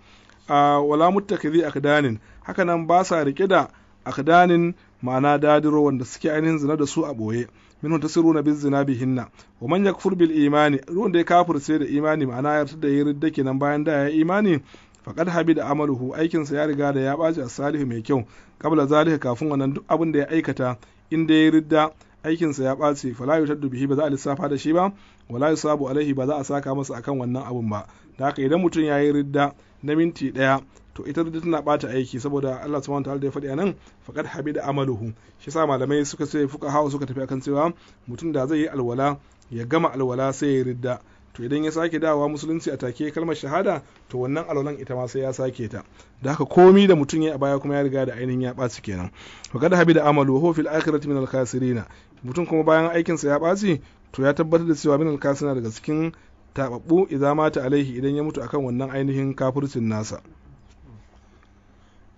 [SPEAKER 2] a wala muttakizi akdanin haka nan ba sa rike da akdanin ma'ana dadiro wanda suke ainihin zina da su a boye su runa bin zina bihinna wa man yakfur bil imani ruwan da ya kafirce da imani ma'ana yarda da ya ridda kenan bayan da ya imani faqad habida amaluhu aikinsa ya riga da ya baci a salihu mai kyau kabla zalika kafin wannan duk abin da ya aikata inda ya ridda aikinsa ya ɓaci fala yutaddu bihi ba za a lissafa da shi ba wala yusabu alaihi ba za a saka masa akan wannan abun ba da haka idan mutum ya yi ridda na minti ɗaya to ita duk tana bata aiki saboda Allah subhanahu wataala da ya faɗi anan faqad habida amaluhu shi sa malamai suka ce fuka hawa suka tafi akan cewa mutum da zai yi alwala ya gama alwala sai ya ridda to idan ya sake dawowa musulunci a take kalmar shahada to wannan alwalan ita ma sai ya sake ta da haka komi da mutum ya baya kuma ya riga da ainihin ya ɓaci kenan faqad habida amalu huwa fil akhirati min al mutum kuma bayan aikinsa ya ɓaci to ya tabbatar da cewa min al daga cikin tababbu iza mata alaihi idan ya mutu akan wannan ainihin kafircin nasa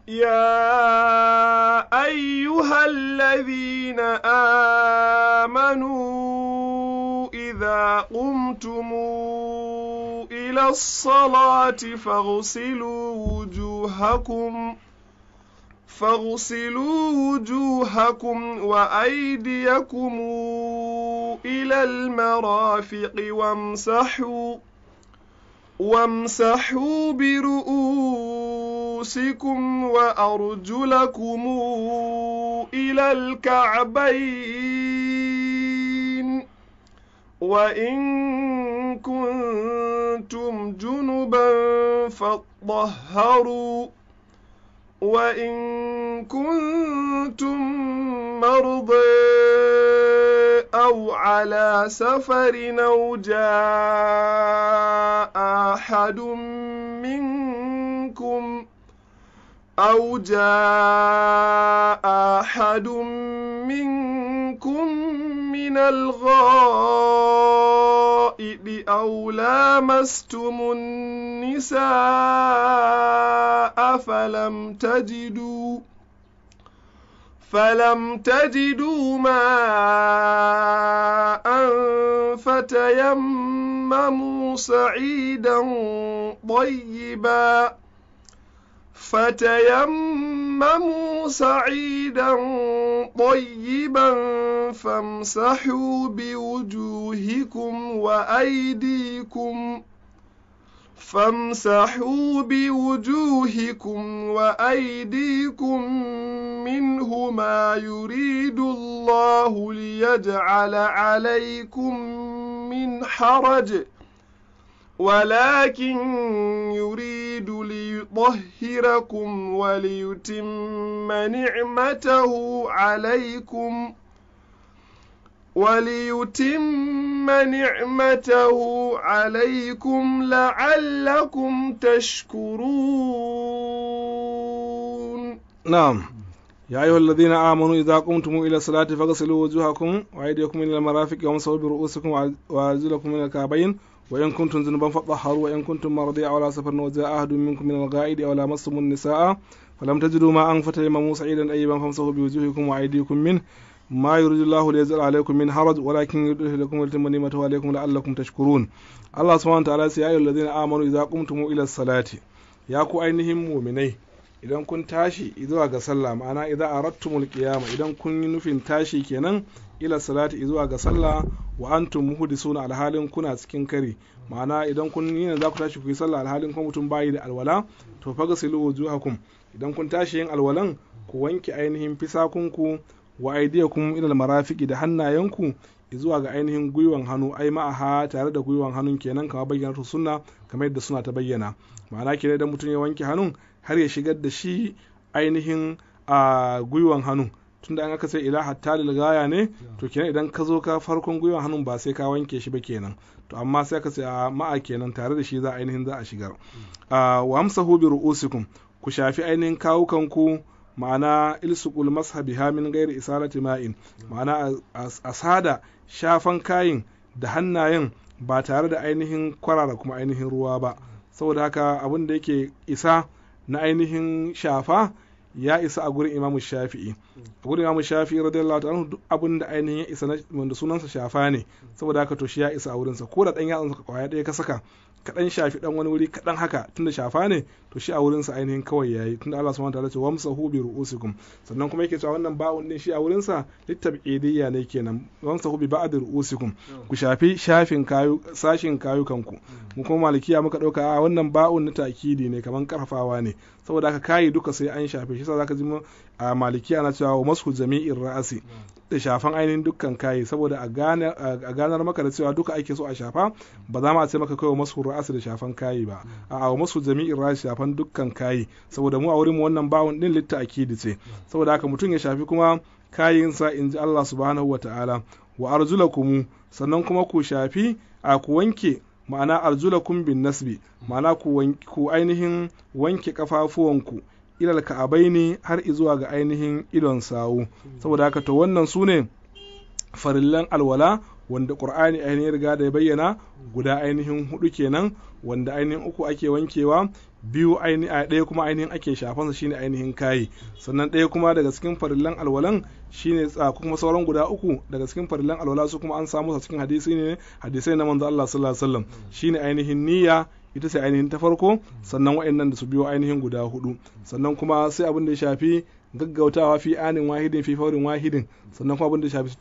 [SPEAKER 1] يا أيها الذين آمنوا إذا قمتم إلى الصلاة فاغسلوا وجوهكم فاغسلوا وجوهكم وأيديكم إلى المرافق وامسحوا وامسحوا برؤوسكم وأرجلكم إلى الكعبين وإن كنتم جنبا فاطهروا وإن كنتم مرضى أو على سفر أو جاء أحد منكم أو جاء أحد منكم مِنَ الغائب أَوْ لَامَسْتُمُ النِّسَاءَ فَلَمْ تَجِدُوا فَلَمْ تَجِدُوا مَاءً فَتَيَمَّمُوا سَعِيدًا طَيِّبًا فتيمموا سعيدا طيبا فامسحوا بوجوهكم وأيديكم فامسحوا بوجوهكم وأيديكم منه ما يريد الله ليجعل عليكم من حرج ۖ ولكن يريد ليطهركم وليتم نعمته عليكم وليتم نعمته عليكم لعلكم تشكرون
[SPEAKER 2] نعم يا أيها الذين آمنوا إذا قمتم إلى الصلاة فاغسلوا وجوهكم وأيديكم إلى المرافق وامسحوا برؤوسكم وأرجلكم من الكعبين وإن كنتم ذنوبا فطهروا وإن كنتم مرضى أو على سفر وجاء أحد منكم من الغائد أو لامستم النساء فلم تجدوا ماء فتيمموا صعيدا طيبا فامسحوا بوجوهكم وأيديكم منه ما يريد الله ليزال عليكم من حرج ولكن يريد لكم ويتم نعمته عليكم لعلكم تشكرون الله سبحانه وتعالى يا أيها الذين آمنوا إذا قمتم إلى الصلاة يا كو أينهم مؤمنين idan kun tashi zuwa ga sallah ma'ana idan arattumul qiyama idan kun yi nufin tashi kenan ila salati zuwa ga sallah wa antum muhdisuna alhalin kuna cikin kari ma'ana idan kun yi za ku tashi ku yi sallah alhalin kuma mutum bayi da alwala to faga silu wujuhakum idan kun tashi yin alwalan ku wanke ainihin fisakunku wa aidiyakum ila marafiqi da hannayenku zuwa ga ainihin gwiwan hannu ai ma'aha tare da gwiwan hannun kenan kamar bayyana su sunna kamar yadda suna ta bayyana ma'ana kenan idan mutum ya wanke hannun har ya shigar da shi ainihin a ah, gwiwan hannun tunda an aka sai ila hatta lil gaya ne to kenan idan ka zo ka farkon gwiwa hannun ba sai ka wanke shi ba kenan to amma sai ka sai a ma'a kenan tare da shi za ainihin za a shigar wa amsahu bi ru'usikum ku shafi ainihin ku ma'ana ilsuqul ha min ghairi isarati ma'in ma'ana asada shafan kayin da hannayen ba tare da ainihin kwarara kuma ainihin ruwa ba saboda haka abin da yake isa na ainihin shafa ya isa a gurin imamu shafi'i a gurin imamu shafi'i radiyallahu ta'ala duk abin da ainihin ya isa wanda sunansa shafa ne saboda haka to shi ya isa a wurinsa ko da dan yatsun ka kwaya ɗaya ka saka kaɗan shafi ɗan wani wuri kaɗan haka tunda shafa ne to shi a wurinsa ainihin kawai yayi tunda Allah subhanahu ta'ala ce wamsahu bi ru'usikum sannan kuma yake cewa wannan ba'un din shi a wurinsa litab'idiyya ne kenan wamsahu bi ba'd ru'usikum ku shafi shafin kayu sashin kayukanku mu kuma malikiya muka ɗauka a wannan ba'un na takidi ne kaman karfafawa ne saboda haka kayi duka sai an shafe shi zaka ji a maliki ana cewa wa mashu jami'in ra'asi da shafan ainihin dukkan kayi saboda a ganar maka da cewa duka ake so a shafa ba za mu a ce maka wa mashu ra'asi da shafan kayi ba a wa mashu jami'in ra'asi shafan dukkan kayi saboda mu a wurin mu wannan bawon din litta akidi ce saboda haka mutum ya shafi kuma kayinsa in ji Allah subhanahu wa ta'ala wa arjulakum sannan kuma ku shafi a ku wanke ma'ana arjulakum bin nasbi ma'ana ku ainihin wanke kafafuwanku ilal ka'abai ne har izuwa ga ainihin idon sawu saboda haka to wannan su ne farillan alwala wanda qur'ani ainihin riga da ya bayyana guda ainihin hudu kenan wanda ainihin uku ake wankewa biyu ainihin ɗaya kuma ainihin ake shafansa shine ainihin kayi sannan ɗaya kuma daga cikin farillan alwalan shine tsa ah, kuma sauran guda uku daga cikin farilan alwala su kuma an samu cikin hadisi ne hadisai na manzo Allah sallallahu alaihi wasallam hmm. shine ainihin niyya ita sai ainihin ta farko hmm. sannan wa'annan da su biyo ainihin guda hudu hmm. sannan kuma sai abin da ya shafi gaggautawa fi anin wahidin fi faurin wahidin sannan kuma abin da shafi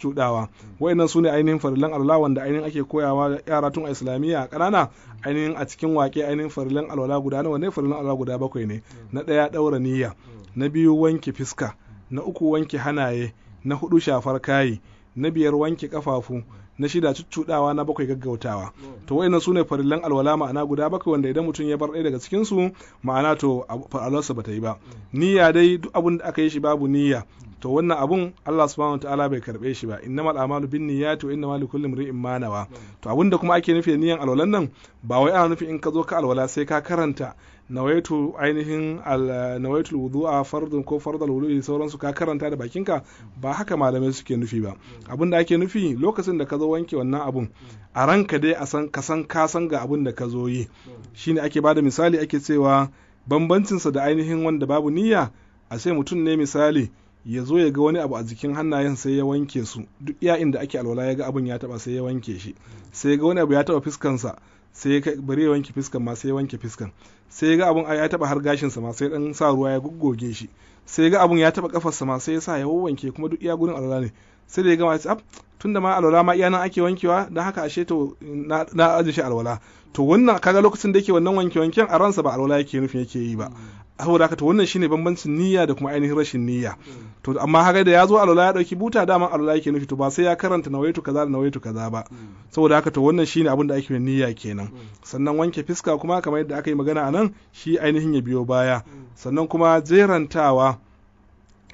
[SPEAKER 2] cudawa wa'annan su ne ainihin farilan alwala wanda ainihin ake koyawa yara tun a islamiyya a kanana ainihin a cikin wake ainihin farilan alwala guda nawa ne farilan alwala guda bakwai ne na daya daura niyya na biyu wanke fiska na uku wanke hanaye na hudu shafar kayi na biyar wanke kafafu na shida cuccudawa na bakwai gaggautawa to wayannan sune farillan alwala ma'ana guda bakwai wanda idan mutum ya bar ɗaya daga cikin su ma'ana to farallarsa bata yi ba niyya dai duk abun da aka yi shi babu niyya to wannan abun Allah subhanahu wataala bai karbe shi ba innamal a'malu niyyati wa innamal likulli imrin ma nawa to abun da kuma ake nufi da niyyan alwalan nan ba wai ana nufi in ka zo ka alwala sai ka karanta nawaitu ainihin al- nawaitul wudu'a fardun ko fardal da sauransu ka karanta da bakinka ba haka malamai suke nufi ba abin da ake nufi lokacin da ka zo wanke wannan abun a ranka dai a san ka san ka san ga abin da ka zo yi shine ake bada misali ake cewa bambancinsa da ainihin wanda babu niyya a sai mutum ne misali ya zo ya ga wani abu a jikin hannayen sai ya wanke su duk iya inda ake alwala ya ga abin ya taba sai ya wanke shi sai ya ga wani abu ya taba fiskansa sai bari ya wanke fiskan ma sai ya wanke fiskan sai ga abun ya taba har gashinsa ma sai dan sa ruwa ya goggoge shi sai ga abun ya taba kafarsa ma sai ya sa ya wanke kuma duk iya gurin alwala ne sai da ya gama ya tunda ma alwala ma iya nan ake wankewa don haka ashe to na aje shi alwala to wannan kaga lokacin da yake wannan wanke wanken a ransa ba alwala yake nufin yake yi ba saboda haka to wannan shine bambancin niyya da kuma ainihin rashin niyya to amma haka da ya zo alwala ya dauki buta dama alwala yake nufi to ba sai ya karanta nawaitu kaza da nawaitu kaza ba saboda haka to wannan shine abin da ake niyya kenan sannan wanke fiska kuma kamar yadda aka yi magana a nan shi ainihin ya biyo baya sannan kuma jerantawa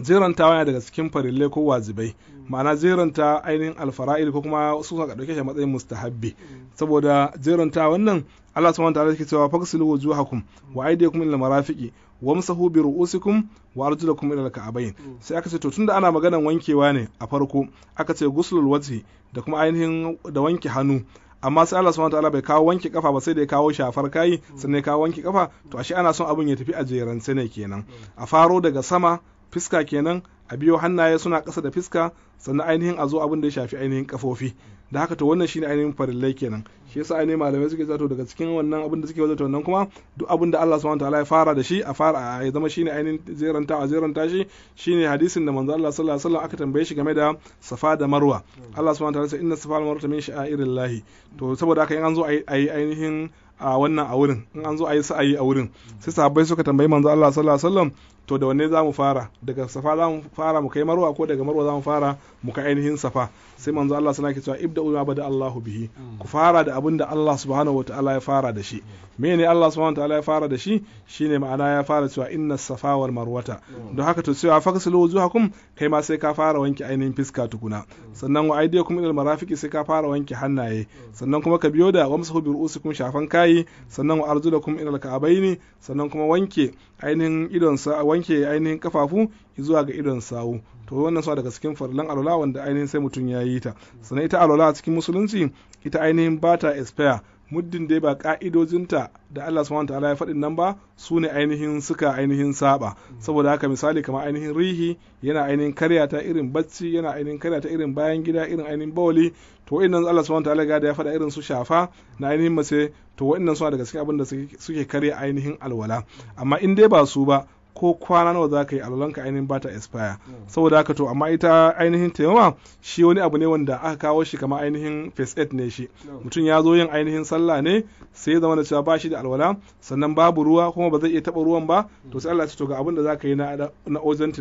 [SPEAKER 2] jerantawa yana daga cikin farille ko wazibai ma'ana jeranta ainihin alfara'il ko kuma su ka dauke shi matsayin mustahabbi saboda jeranta wannan Allah subhanahu wataala yake cewa faksilu wujuhakum wa aydiyakum ila marafiqi wamsahu bi ru'usikum wa arjulakum ila al-ka'bayn sai aka ce to tunda ana maganan wankewa ne a farko aka ce guslul wajhi da kuma ainihin da wanke hannu amma sai Allah subhanahu ta'ala bai kawo wanke kafa ba sai da ya kawo shafar kai sannan ne kawo wanke kafa to ashe ana son abun ya tafi a jerance ne kenan a faro daga sama fiska kenan a biyo hannaye suna ƙasa da fiska sannan ainihin a zo abin da ya shafi ainihin kafofi da haka to wannan shine ainihin farillai kenan shi yasa ainihin malamai suke zato daga cikin wannan abin da suke wato wannan kuma duk abin da Allah subhanahu wataala ya fara da shi a fara ya zama shine ainihin zeranta a zeranta shi shine hadisin da manzo Allah sallallahu alaihi wasallam aka tambaye shi game da Safa da Marwa Allah subhanahu wataala sai inna Safa da Marwa min sha'airillahi to saboda haka in an zo ayi ainihin a wannan a wurin in an zo a yi sa'ayi a wurin sai sahabbai suka tambayi manzo Allah sallallahu alaihi wasallam to da wanne za mu fara daga safa za mu fara mu kai marwa ko daga marwa za mu fara mu kai ainihin safa sai manzo Allah suna ke cewa ibda ma bada Allahu bihi ku fara da abin da Allah subhanahu wataala ya fara da shi menene Allah subhanahu wataala ya fara da shi shine ma'ana ya fara cewa inna safa wal marwata don haka to cewa faksilu wujuhakum kai ma sai ka fara wanke ainihin fiska tukuna sannan wa kuma ilal marafiqi sai ka fara wanke hannaye sannan kuma ka biyo da wamsahu bi ru'usikum shafan kayi sannan wa arjulakum ilal ka'abaini sannan kuma wanke ainihin idon sa wanke ainihin kafafu zuwa ga idon sawu to wannan suna daga cikin farlan alwala wanda ainihin sai mutum ya yi ta sannan ita alwala a cikin musulunci ita ainihin bata ta expire muddin dai ba ka'idojinta da Allah subhanahu ta'ala ya faɗin nan ba su ne ainihin suka ainihin saba saboda haka misali kamar ainihin rihi yana ainihin karya ta irin bacci yana ainihin karya ta irin bayan gida irin ainihin bawali to wa'annan Allah subhanahu ta'ala ga da ya faɗa irin su shafa na ainihin mace to wa'annan suna daga cikin abin da suke karya ainihin alwala amma in dai ba su ba ko kwana nawa za ka yi ka ainihin ba ta expire hmm. saboda haka to amma ita ainihin taimama shi wani abu ne wanda aka kawo shi kama ainihin first aid ne shi hmm. mutum ya zo yin ainihin sallah ne sai zama da cewa ba shi da alwala sannan babu ruwa kuma ba zai iya taba ruwan ba to sai Allah ya ce to ga abin da za ka yi na na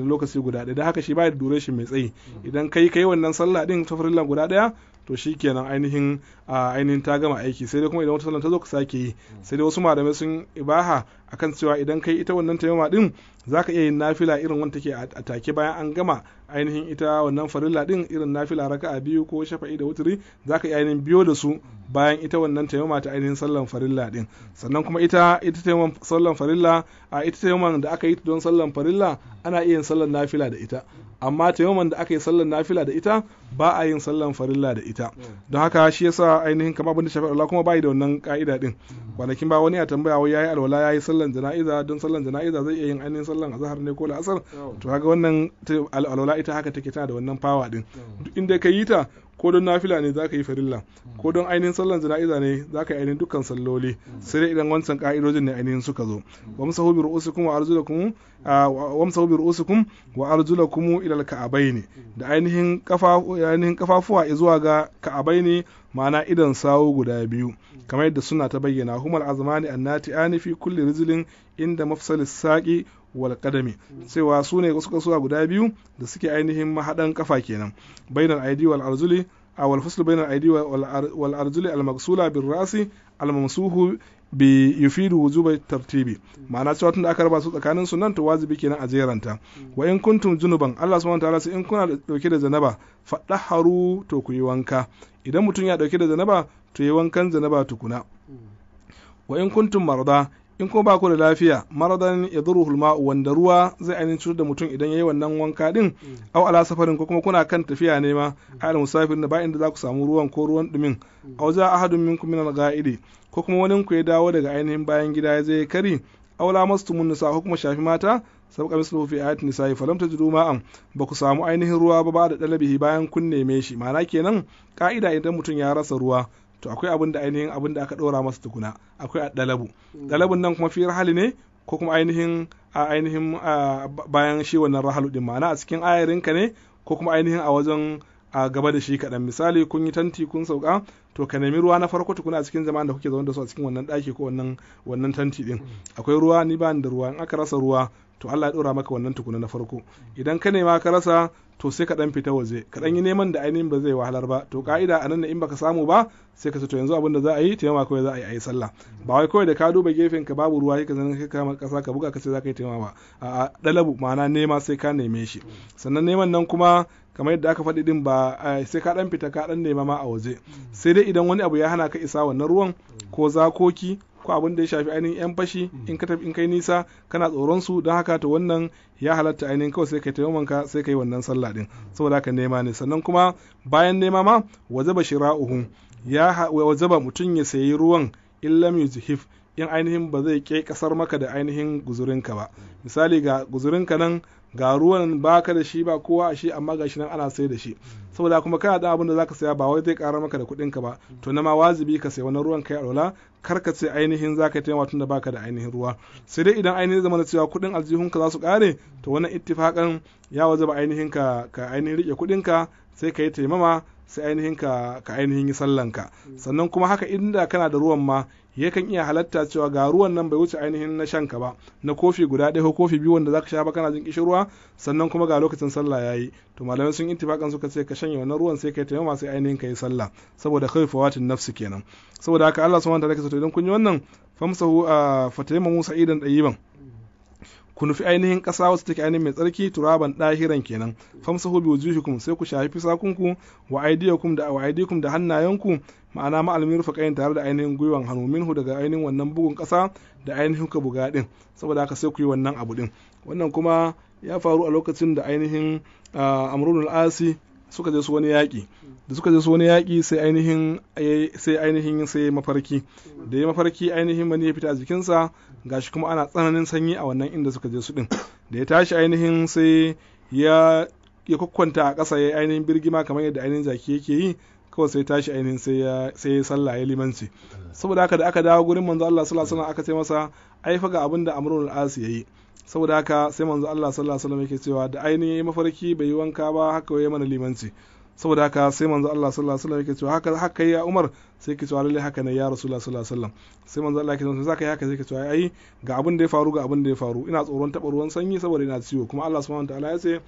[SPEAKER 2] lokaci guda ɗaya da haka shi ba da duration mai tsayi hmm. idan kai kai wannan sallah din ta guda ɗaya to shi kenan ainihin a ainihin ta gama aiki sai dai kuma idan wata sallan ta zo ka sake yi sai dai wasu malamai sun ibaha akan cewa idan kai ita wannan taimama din zaka iya yin nafila irin wanda take a take bayan an gama ainihin ita wannan farilla din irin nafila a biyu ko shafa'i da wuturi zaka iya yin biyo da su bayan ita wannan taimama ta ainihin sallan farilla din sannan kuma ita ita taimama sallan farilla a ita taimaman da aka yi don sallan farilla ana iya yin sallan nafila da ita amma taimaman da aka yi sallan nafila da ita ba a yin sallan farilla da ita don haka shi yasa ainihin kamar abin da shafi alwala kuma bayi da wannan ka'ida din kwanakin ba wani a tambaya wai yayi alwala yayi sallan jana'iza don sallan jana'iza zai iya yin ainihin sallan azhar ne ko la'asar to kaga wannan alwala ita haka take tana da wannan fawa din duk inda ka yi ta ko don nafila ne zaka yi farilla ko don ainihin sallan jana'iza ne zaka yi ainihin dukkan salloli sai dai idan wancan ka'idojin ne ainihin suka zo wamsahu bi ru'usikum wa arjulakum wamsahu bi ru'usikum wa arjulakum ila al-ka'abaini da ainihin kafa ainihin kafafuwa zuwa ga ka'abaini ma'ana idan sawo guda biyu kamar yadda suna ta bayyana humal azmani annati anifi kulli rizlin inda mafsalis saqi wal qadami cewa su ne suka suwa guda biyu da suke ainihin mahadan kafa kenan bainal aidi wal arzuli awal fasl bainal aidi wal arzuli al maghsula bir rasi al mamsuhu bi yufidu wujuba tartibi ma'ana cewa tun da aka raba su tsakanin su nan to wajibi kenan a jeranta wa in kuntum junuban Allah subhanahu wa ta'ala in kuna dauke da zanaba fadaharu to ku yi wanka idan mutum ya dauke da zanaba to yi wankan zanaba tukuna wa in kuntum marada in kuma ba ku da lafiya maradan yadruhul ma'u wanda ruwa zai ainihin cutar da mutum idan ya yi wannan wanka din aw ala safarin ko kuma kuna kan tafiya ne ma al musafirin da ba inda za ku samu ruwan ko ruwan dumin aw za ahadun minkum min al ga'idi ko kuma wani ku ya dawo daga ainihin bayan gida ya zai kari aw la mastumun nisa ko kuma shafi mata sabqa mislu fi nisa nisa'i falam tajidu ma'an ba ku samu ainihin ruwa ba ba da dalabihi bayan kun neme shi ma'ana kenan ka'ida idan mutum ya rasa ruwa to akwai abin da ainihin abin da aka dora masa tukuna akwai addalabu dalabun nan kuma fi rahali ne ko kuma ainihin a ainihin bayan shi wannan rahalu din ma'ana a cikin ayarinka ne ko kuma ainihin a wajen a gaba da shi kaɗan misali kun yi tanti kun sauka to ka nemi ruwa na farko tukuna a cikin jama'an da kuke zaune da su a cikin wannan ɗaki ko wannan wannan tanti din akwai ruwa ni ba da ruwa in aka rasa ruwa to Allah ya dora maka wannan tukuna na farko idan ka nema ka rasa to sai ka dan fita waje ka dan yi neman da ainihin ba zai wahalar ba to ka'ida a nan in baka samu ba sai ka to yanzu abin da za a yi taimama kawai za a yi a yi sallah ba wai kawai da ka duba gefen ka babu ruwa ka zanen ka kama kasa ka buga ka sai za ka yi taimama ba a dalabu ma'ana nema sai ka neme shi sannan neman nan kuma kamar yadda aka faɗi din ba eh, sai ka dan fita ka dan nema ma a waje sai dai idan wani abu ya hana ka isa wannan ruwan ko zakoki ko abin da ya shafi ainihin yan fashi mm. in ka tafi in kai nisa kana tsoron su don haka to wannan ya halatta ainihin kawai sai kai taimakon ka sai kai wannan sallah din mm. saboda haka nema ne sannan kuma bayan nema ma wazaba shira'uhu ya wazaba mutum ya sayi ruwan illam yuzhif in ainihin ba zai ke kasar maka da ainihin guzurinka ba mm. misali ga guzurinka nan ga ruwan baka da shi ba kowa a shi amma ga shi nan ana sai da shi saboda kuma kana da abin da ka saya ba wai zai ƙara maka da kuɗin ka ba to na ma wajibi ka saya wani ruwan kai a kar ka ce ainihin zaka taimaka tunda baka da ainihin ruwa sai dai idan ainihin da cewa kuɗin aljihun ka za su ƙare to wannan ittifakan ya wajaba ainihin ka ka ainihin rike kuɗin ka sai ka yi taimama sai ainihin ka ka ainihin yi ka sannan kuma haka inda kana da ruwan ma yakan iya halatta cewa ga ruwan nan bai wuce ainihin na shanka ba na kofi guda ɗaya ko kofi biyu wanda zaka sha ba kana jin kishirwa sannan kuma ga lokacin sallah yayi to malamai sun intifakan suka ce ka shanye wannan ruwan sai kai taimama sai ainihin ka yi sallah saboda kai watin nafsi kenan saboda haka Allah subhanahu wa ta'ala ke so idan kun yi wannan famsahu a ah, fatayma Musa idan dayiban ku nufi ainihin ƙasa wasu take ainihin mai tsarki turaban ɗahiran kenan famsahu bi wujuhikum sai ku shafi fisakunku wa aidiyakum da wa aidikum da hannayenku ma'ana ma'almin almiru ƙayin tare da ainihin gwiwan hannu minhu daga ainihin wannan bugun ƙasa da ainihin ka buga din saboda haka sai ku yi wannan abu din wannan kuma ya faru a lokacin da ainihin amrunul asi suka je su wani yaƙi da suka je su wani yaƙi sai ainihin eh, sai ainihin sai mafarki da ya mafarki ainihin mani ya fita a jikinsa gashi kuma ana tsananin sanyi a wannan inda suka je su din da ya tashi ainihin sai ya ya kwakwanta a ƙasa ya yi ainihin birgima kamar yadda ainihin zaki yake yi kawai sai tashi ainihin sai ya sallah ya limanci saboda haka da aka dawo gurin manzo Allah sallallahu alaihi aka ce masa ai fa ga abinda Amrul As yayi saboda haka sai manzo Allah sallallahu alaihi yake cewa da ainihin mafarki bai yi wanka ba haka ya mana limanci saboda haka sai manzo Allah sallallahu alaihi wasallam yake cewa haka haka ya Umar sai yake cewa lalle haka ne ya Rasulullah sallallahu alaihi wasallam sai manzo Allah yake cewa zaka yi haka sai yake cewa ai ga abin da ya faru ga abin da ya faru ina tsoron taba ruwan sanyi saboda ina ciwo kuma Allah subhanahu wataala ya ce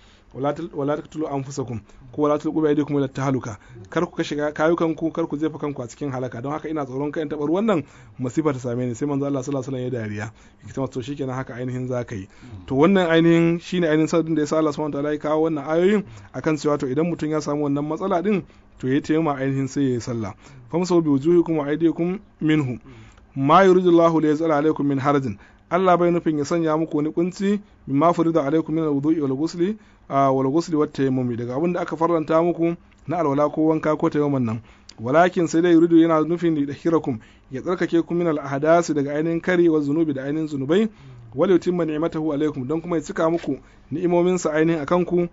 [SPEAKER 2] wala fusa anfusakum ko wala tulqu kuma aydikum ila tahaluka kar ku kashe kayukan ku kar ku zefa kanku a cikin halaka don haka ina tsoron kai tabar wannan masifa ta same ni sai manzo Allah sallallahu alaihi wasallam ya dariya kita to shikenan haka ainihin zaka yi to wannan ainihin shine ainihin sadin da ya sa Allah subhanahu ya kawo wannan ayoyin akan cewa to idan mutum ya samu wannan matsala din to ya taimaka ainihin sai ya yi sallah famsa bi wujuhikum wa aydikum minhu ma yuridullahu li yaz'ala alaikum min harajin Allah bai nufin ya sanya muku wani kunci ma furida alaikum min alwudu'i wal ghusli wal ghusli wat tayammumi daga abin aka faranta muku na alwala ko wanka ko tayammum nan walakin sai dai yuridu yana nufin da hirakum ya tsarkake ku min al'adasi daga ainihin kari wa zunubi da ainihin zunubai wal yutimma ni'matahu alaikum don kuma ya cika muku ni'imomin sa ainihin akan ku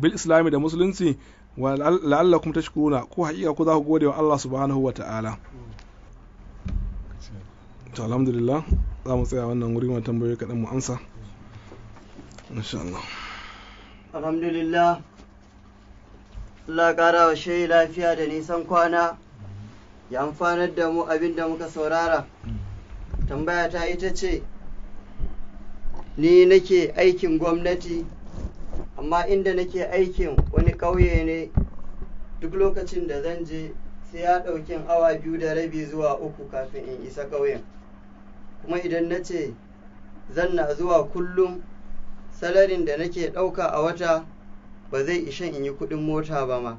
[SPEAKER 2] bil islami da musulunci wa la'allakum tashkuruna ko haƙiƙa ku za ku gode wa Allah subhanahu wa ta'ala to alhamdulillah za mu tsaya wannan wuri mai tambayoyi kaɗan mu amsa insha Allah
[SPEAKER 3] alhamdulillah Allah ƙara wa shi lafiya da nisan kwana ya amfanar da mu abin da muka saurara tambaya ta ita ce ni nake aikin gwamnati amma inda nake aikin wani ƙauye ne duk lokacin da zan je sai ya ɗauki awa biyu da rabi zuwa uku kafin in isa ƙauyen kuma idan na ce zan na zuwa kullum salarin da nake ɗauka a wata ba zai ishe in yi kuɗin mota ba ma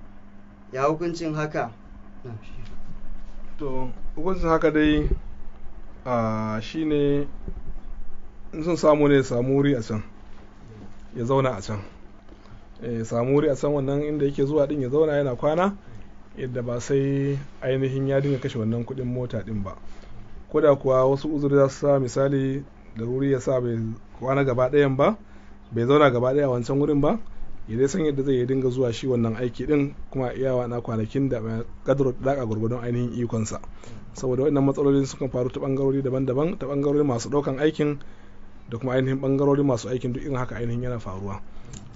[SPEAKER 3] ya hukuncin haka to hukuncin haka dai
[SPEAKER 2] a shi ne in sun samu ne samu wuri a can ya zauna a can eh, samu wuri a can wannan inda yake zuwa din ya zauna yana kwana yadda ba sai ainihin ya dinga kashe wannan kuɗin mota din ba ko da kuwa wasu uzuri za su sa misali da wuri ya sa bai kwana gaba ɗayan ba bai zauna gaba ɗaya a wancan wurin ba ya dai san yadda zai yi dinga zuwa shi wannan aiki din kuma iyawa na kwanakin da kadar daga gurgudun ainihin ikonsa saboda wannan matsalolin sukan faru ta bangarori daban-daban ta bangarori masu daukan aikin da kuma ainihin bangarori masu aikin duk irin haka ainihin yana faruwa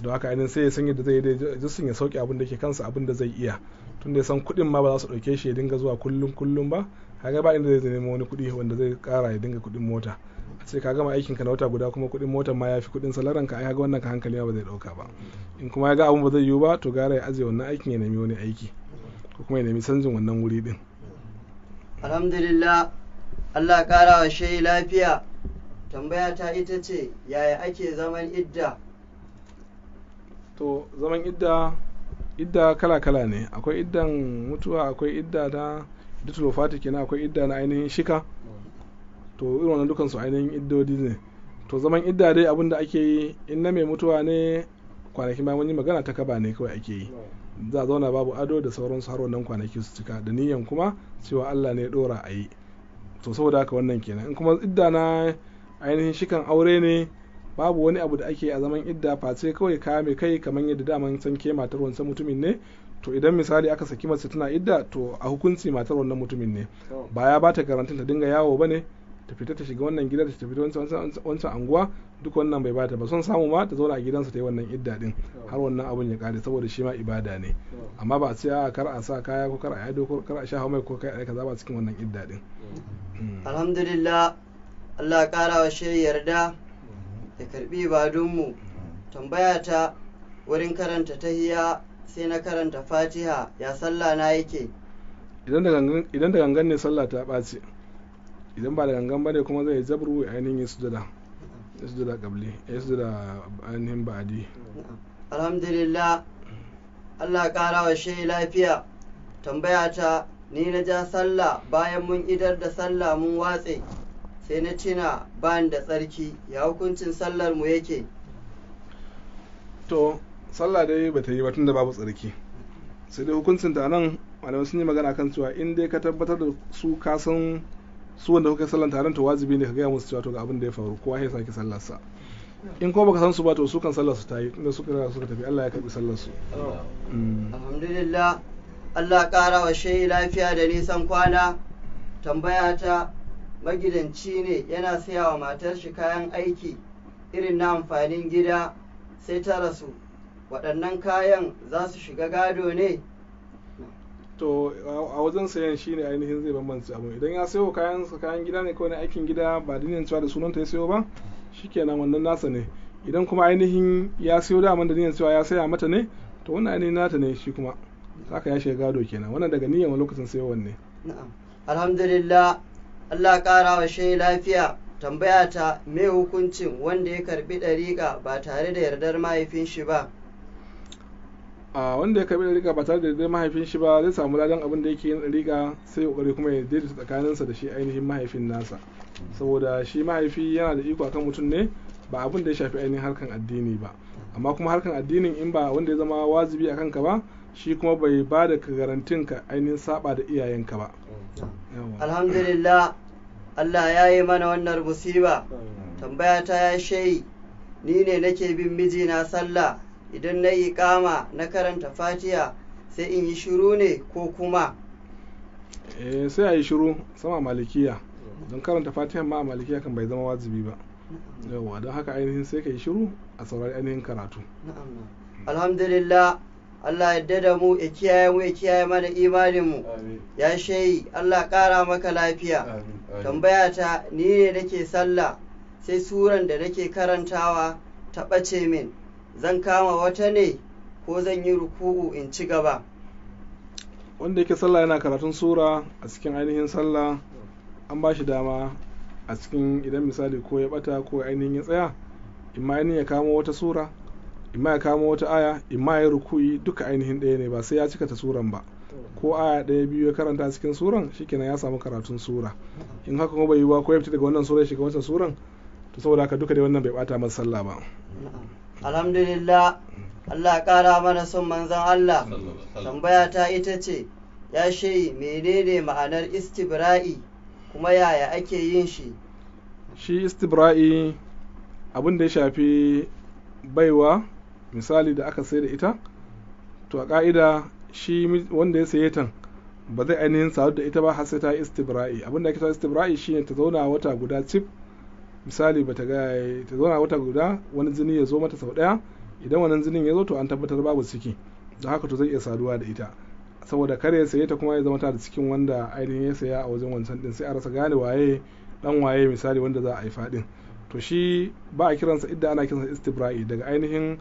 [SPEAKER 2] don haka ainihin sai ya san yadda zai yi jisun ya sauke abin da ke kansa abin da zai iya tun da ya san kuɗin ma ba za su ɗauke shi ya dinga zuwa kullum kullum ba kaga ba inda zai nemo wani kuɗi wanda zai ƙara ya dinga kuɗin mota a ce ka gama aikin ka na wata guda kuma kuɗin motar ma ya fi kuɗin salaran ka ai kaga wannan ka hankali ba zai ɗauka ba in kuma ya ga abun ba zai yiwu ba to gara ya aje wannan aikin ya nemi wani aiki ko kuma ya nemi canjin wannan wuri din
[SPEAKER 3] alhamdulillah Allah ƙara wa shehi lafiya tambaya ta ita ce yaya ake zaman idda
[SPEAKER 2] to zaman idda idda kala kala ne akwai iddan mutuwa akwai idda ta iddatul wafati kenan akwai idda na ainihin shika to irin wannan dukansu ainihin iddodi ne to zaman idda dai abin da ake yi in na mai mutuwa ne kwanakin bayan yi magana ta kaba ne kawai ake yi za a zauna babu ado da sauransu har wannan kwanaki su cika da niyan kuma cewa Allah ne dora a yi to saboda haka wannan kenan in kuma idda na ainihin shikan aure ne babu wani abu da ake a zaman idda face kawai ka kai kamar yadda daman san ke matar wancan mutumin ne to idan misali aka saki mace tana idda to a hukunci matar wannan mutumin ne ba ya bata garantin ta dinga yawo bane ta fita ta shiga wannan gida ta fita wancan anguwa duk wannan bai bata ba son samu ma ta zauna a gidansa ta yi wannan idda din har wannan abun ya kare saboda shi ma ibada ne amma ba a ce a kar a sa kaya
[SPEAKER 3] ko kar a yado ko kar a sha
[SPEAKER 2] mai ko kai kaza ba cikin wannan idda din hmm. alhamdulillah
[SPEAKER 3] Allah ya kara wa shi yarda ya karbi ibadunmu tambaya ta wurin karanta tahiya sai na karanta fatiha ya sallah na yake
[SPEAKER 2] idan da gangan ne sallah ta ɓace idan ba da gangan ba ne kuma zai zabru ya ainihin ya sujada ya sujada ƙabli ya sujada ainihin ba'adi
[SPEAKER 3] alhamdulillah allah ƙara wa shi lafiya tambaya ta ni na ja sallah bayan mun idar da sallah mun watse sai na cina ban da tsarki ya hukuncin sallar mu yake
[SPEAKER 2] to sallah dai ba ta yi ba da babu tsarki sai dai hukuncin da nan malamai sun yi magana kan cewa in dai ka tabbatar da su ka san su wanda kuka sallan taron to wajibi ne ka gaya musu cewa to ga abin da ya faru kowa ya saki sallar sa in ba baka san su ba to su kan sallar su tayi
[SPEAKER 3] inda suka su suka tafi Allah ya karbi sallar su mm. alhamdulillah Allah ƙara wa shehi lafiya da nisan kwana tambaya ta magidanci ne yana siya wa matar shi kayan aiki irin na amfanin gida sai ta rasu waɗannan kayan za su shiga gado ne
[SPEAKER 2] to a wajen sayan shi ne ainihin zai bambanci abu idan ya sayo kayan kayan gida ne kawai na aikin gida ba dinin cewa da sunan ta ya sayo ba shikenan wannan nasa ne idan kuma ainihin ya sayo daman da niyan cewa ya saya mata ne to wannan ainihin nata ne shi kuma haka ya shiga gado kenan wannan daga niyan lokacin sayo ne
[SPEAKER 3] alhamdulillah Allah kara wa shi lafiya tambaya ta me hukuncin wanda ya karbi dariƙa ba tare da yardar mahaifin shi ba
[SPEAKER 2] a wanda ya karbi da ba tare da dai mahaifin shi ba zai samu ladan abin da yake yin riga sai kokari kuma ya daidaita tsakaninsa da shi ainihin mahaifin nasa saboda shi mahaifi yana da iko akan mutum ne ba abin da ya shafi ainihin harkan addini ba amma kuma harkan addinin in ba wanda ya zama wajibi a kanka ba shi kuma bai ba da garantin ka ainihin saba da iyayen ka ba
[SPEAKER 3] alhamdulillah Allah ya yi mana wannan musiba tambaya ta ya shayi ni ne nake bin mijina sallah idan na yi kama na karanta fatiya sai in yi shiru ne ko kuma
[SPEAKER 2] eh sai a yi shiru sama malikiya
[SPEAKER 3] don karanta fatiha ma a
[SPEAKER 2] malikiya kan bai zama wajibi ba yawa don haka ainihin sai ka yi shiru a saurari ainihin karatu
[SPEAKER 3] alhamdulillah Allah yadda da mu ya kiyaye mu ya kiyaye mana imanin mu ya shayi Allah kara maka lafiya tambaya ta ni ne nake sallah sai suran da nake karantawa ta ɓace min zan kama wata ne ko zan yi ruku'u in ci gaba wanda
[SPEAKER 2] yake sallah yana karatun sura a cikin ainihin sallah an ba shi dama a cikin idan misali ko ya bata ko ainihin ya tsaya imma ainihin ya kamo wata sura imma ya kamo wata aya imma ya ruku'i duka ainihin ɗaya ne ba sai ya cika ta suran ba ko aya ɗaya biyu ya karanta cikin suran shikenan ya samu karatun sura in haka kuma bai yi ba ko ya fita daga wannan sura ya shiga wancan suran to saboda haka duka dai wannan bai bata masa sallah ba
[SPEAKER 3] alhamdulillah Allah ƙara mana son manzan Allah tambaya ta ita ce ya shehi menene ma'anar istibra'i kuma yaya ake yin shi
[SPEAKER 2] shi istibra'i abin da ya shafi baiwa misali da aka sai da ita to a ƙa'ida shi wanda ya saye tan ba zai ainihin sadu da ita ba har sai ta istibra'i abin da ake ta istibra'i shine ta zauna wata guda cip misali bata ga ta zauna wata guda wani jini ya zo mata sau daya idan wannan jinin ya zo to an tabbatar babu ciki da haka to zai iya saduwa da ita saboda kar ya saye ta kuma ya zama ta da cikin wanda ainihin ya saya a wajen wancan din sai a rasa gane waye dan waye misali wanda za a haifa din to shi ba a kiransa idda ana kiransa istibra'i daga ainihin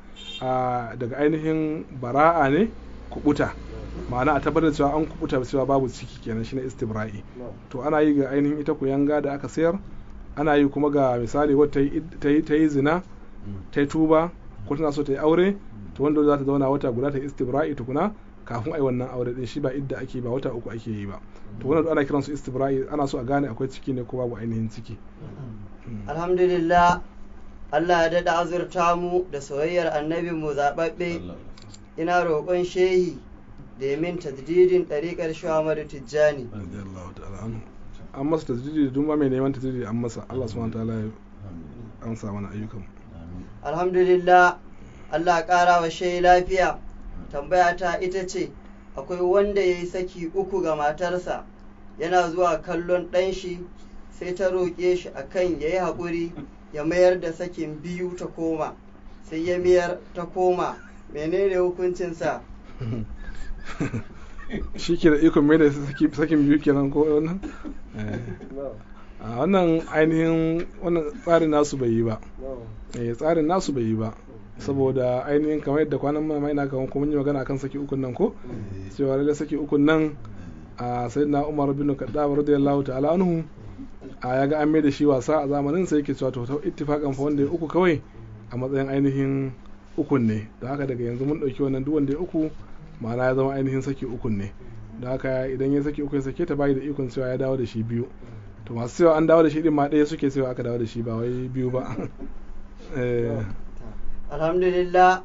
[SPEAKER 2] daga ainihin bara'a ne kubuta ma'ana a tabbatar cewa an kubuta cewa babu ciki kenan shine istibra'i to ana yi ga ainihin ita kuyanga da aka sayar ana yi kuma ga misali wata ta yi zina mm. ta yi tuba ko tana so ta yi aure mm. ta wanda za ta zauna wata guda ta istibra'i tukuna kafin a ai wannan aure din shi ba idda ake ba wata uku ake yi ba to wannan ana kiran su istibra'i ana so a gane akwai ciki ne ko babu ainihin ciki
[SPEAKER 3] mm. alhamdulillah Allah ya dada azurta mu da soyayyar annabi mu zababbe ina roƙon shehi da yamin ɗarikar ɗariƙar Shu'amadu Tijjani.
[SPEAKER 2] an masa ta tasdidi duk ma mai neman ta tasdidi an masa Allah subhanahu wataala an amsa mana ayyukan
[SPEAKER 3] alhamdulillah Allah ƙara wa shai lafiya tambaya ta ita ce akwai wanda ya yi saki uku ga matarsa yana zuwa kallon ɗan shi sai ta roƙe shi a kan ya yi haƙuri ya mayar da sakin biyu ta koma sai ya mayar ta koma menene hukuncinsa
[SPEAKER 2] [laughs] shi ke da ikon mai da sakin biyu kenan ko wannan eh, wannan ainihin wannan tsarin nasu bai yi ba eh, tsarin nasu bai yi ba saboda ainihin kamar yadda kwanan mana na kawo kuma yi magana kan saki ukun nan ko mm. cewa lalle saki ukun nan a sayyidina Umar bin Khattab radiyallahu ta'ala anhu a ga an mai da shi wasa a zamanin sai yake cewa to ta ittifaqan fa wanda ya uku kawai a matsayin ainihin ukun ne da haka daga yanzu mun dauki wannan duk wanda ya uku ma'ana ya zama ainihin saki ukun ne da haka idan ya saki ukun sake ta bayi da ikon cewa ya dawo da shi biyu to masu cewa an dawo da shi din ma ɗaya suke cewa aka dawo da shi ba wai biyu ba [laughs] eh.
[SPEAKER 3] alhamdulillah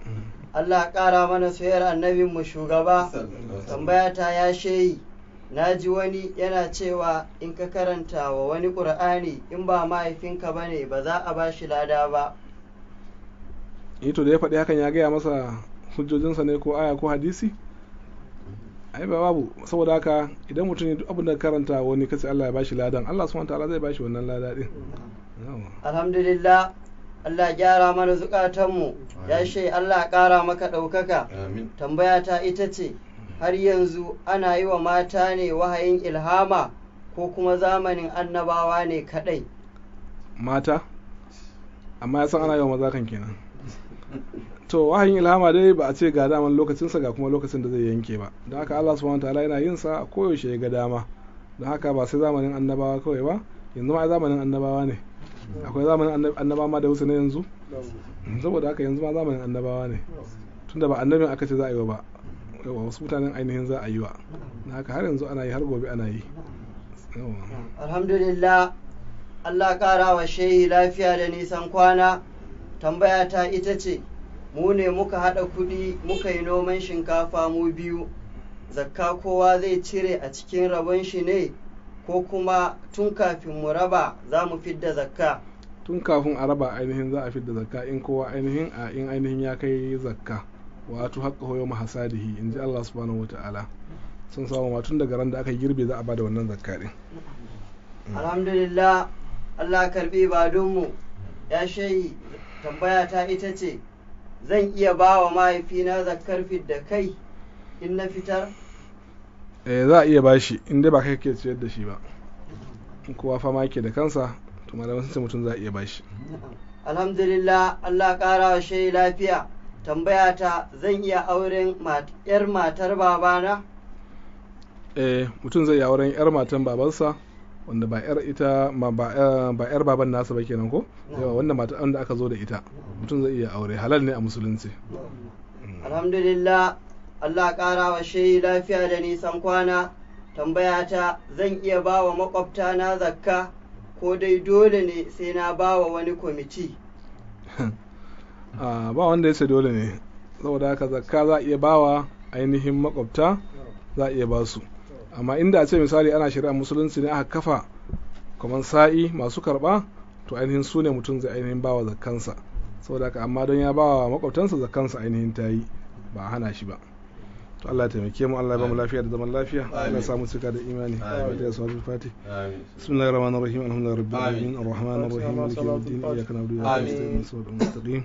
[SPEAKER 3] Allah kara mana sayar annabin mu shugaba tambaya ta ya sheyi na ji wani yana cewa in ka karanta wa wani ƙur'ani in ba mahaifinka ba ne ba za a ba shi lada ba
[SPEAKER 2] ito eh da ya faɗi hakan ya gaya masa hujjojinsa ne ko aya ko hadisi ai ba babu saboda haka idan mutum ya duk abin da karanta wani kasi Allah ya bashi ladan Allah subhanahu ta'ala zai bashi wannan lada din
[SPEAKER 3] alhamdulillah Allah gyara mana zukatanmu ya she Allah kara maka ɗaukaka tambaya ta ita ce har yanzu ana yi wa mata ne wahayin ilhama ko kuma zamanin annabawa ne kadai
[SPEAKER 2] mata amma ya san ana yi wa maza kan kenan [laughs] to wahayin ilhama dai ba a ce ga daman lokacinsa ga kuma lokacin da zai yanke ba don haka Allah subhanahu wataala yana yin sa a koyaushe ya ga dama don haka ba sai zamanin annabawa kawai ba yanzu ma zamanin annabawa ne akwai zamanin annabawa ma da wuce na yanzu saboda haka yanzu ma zamanin annabawa ne tunda ba annabin aka ce za a yi ba wasu mutanen ainihin za a yi wa da haka har yanzu ana yi har gobe ana yi
[SPEAKER 3] alhamdulillah Allah kara wa shehi lafiya da nisan kwana tambaya ta ita ce mu ne muka haɗa kuɗi muka yi noman shinkafa mu biyu zakka kowa zai cire a cikin rabon shi ne ko kuma tun kafin mu raba za mu fidda zakka tun kafin a raba ainihin za a fidda zakka in kowa ainihin a in ainihin ya kai
[SPEAKER 2] zakka wato haƙƙa hoyo hasadihi in ji Allah subhanahu ta'ala sun samu ma tun daga ran da aka girbe za a bada wannan zakka din
[SPEAKER 3] mm. alhamdulillah Allah karbi ibadunmu ya shayi tambaya ta ita ce zan iya ba wa mahaifina zakar da kai in na fitar
[SPEAKER 2] eh za a iya ba shi inda ba kai ke ciyar da shi ba kowa fama yake da kansa to malaman sun ce mutum za a iya ba shi
[SPEAKER 3] alhamdulillah Allah kara wa shai lafiya tambaya ta zan iya auren yar matar babana
[SPEAKER 2] eh mutum zai yi auren yar matan babansa wanda ba yar ita eh, ba yar baban nasa ba kenan ko yawa wanda mata wanda aka zo da ita mutum zai iya aure halal ne a musulunci
[SPEAKER 3] alhamdulillah Allah kara wa shehi lafiya da nisan kwana tambaya ta zan iya ba wa makwabta na zakka ko dai dole ne sai na ba wa wani kwamiti
[SPEAKER 2] [laughs] ah, ba wanda ya dole ne saboda haka zakka za a iya wa ainihin makwabta za a iya ba su amma inda a ce misali ana shari'ar musulunci ne aka kafa kamar sa'i masu karba to ainihin su ne mutum zai ainihin bawa sau saboda haka amma don ya bawa makwabtansa zakansa ainihin ta yi ba a hana shi ba to Allah ya taimake mu Allah ya bamu lafiya da zaman lafiya Allah ya samu cika da imani da yasa bil fati bismillahir rahmanir rahim alhamdulillahi rabbil alamin arrahmanir rahim maliki yawmiddin iyyaka na'budu wa iyyaka nasta'in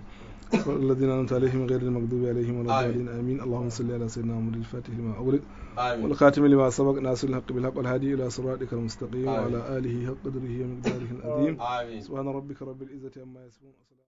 [SPEAKER 2] الذين أنعمت عليهم غير المغضوب عليهم ولا الضالين آمين اللهم صل على سيدنا محمد الفاتح لما أغلق والخاتم لما سبق ناصر الحق بالحق والهادي إلى صراطك المستقيم وعلى آله حق قدره ومقداره العظيم سبحان ربك رب العزة عما يصفون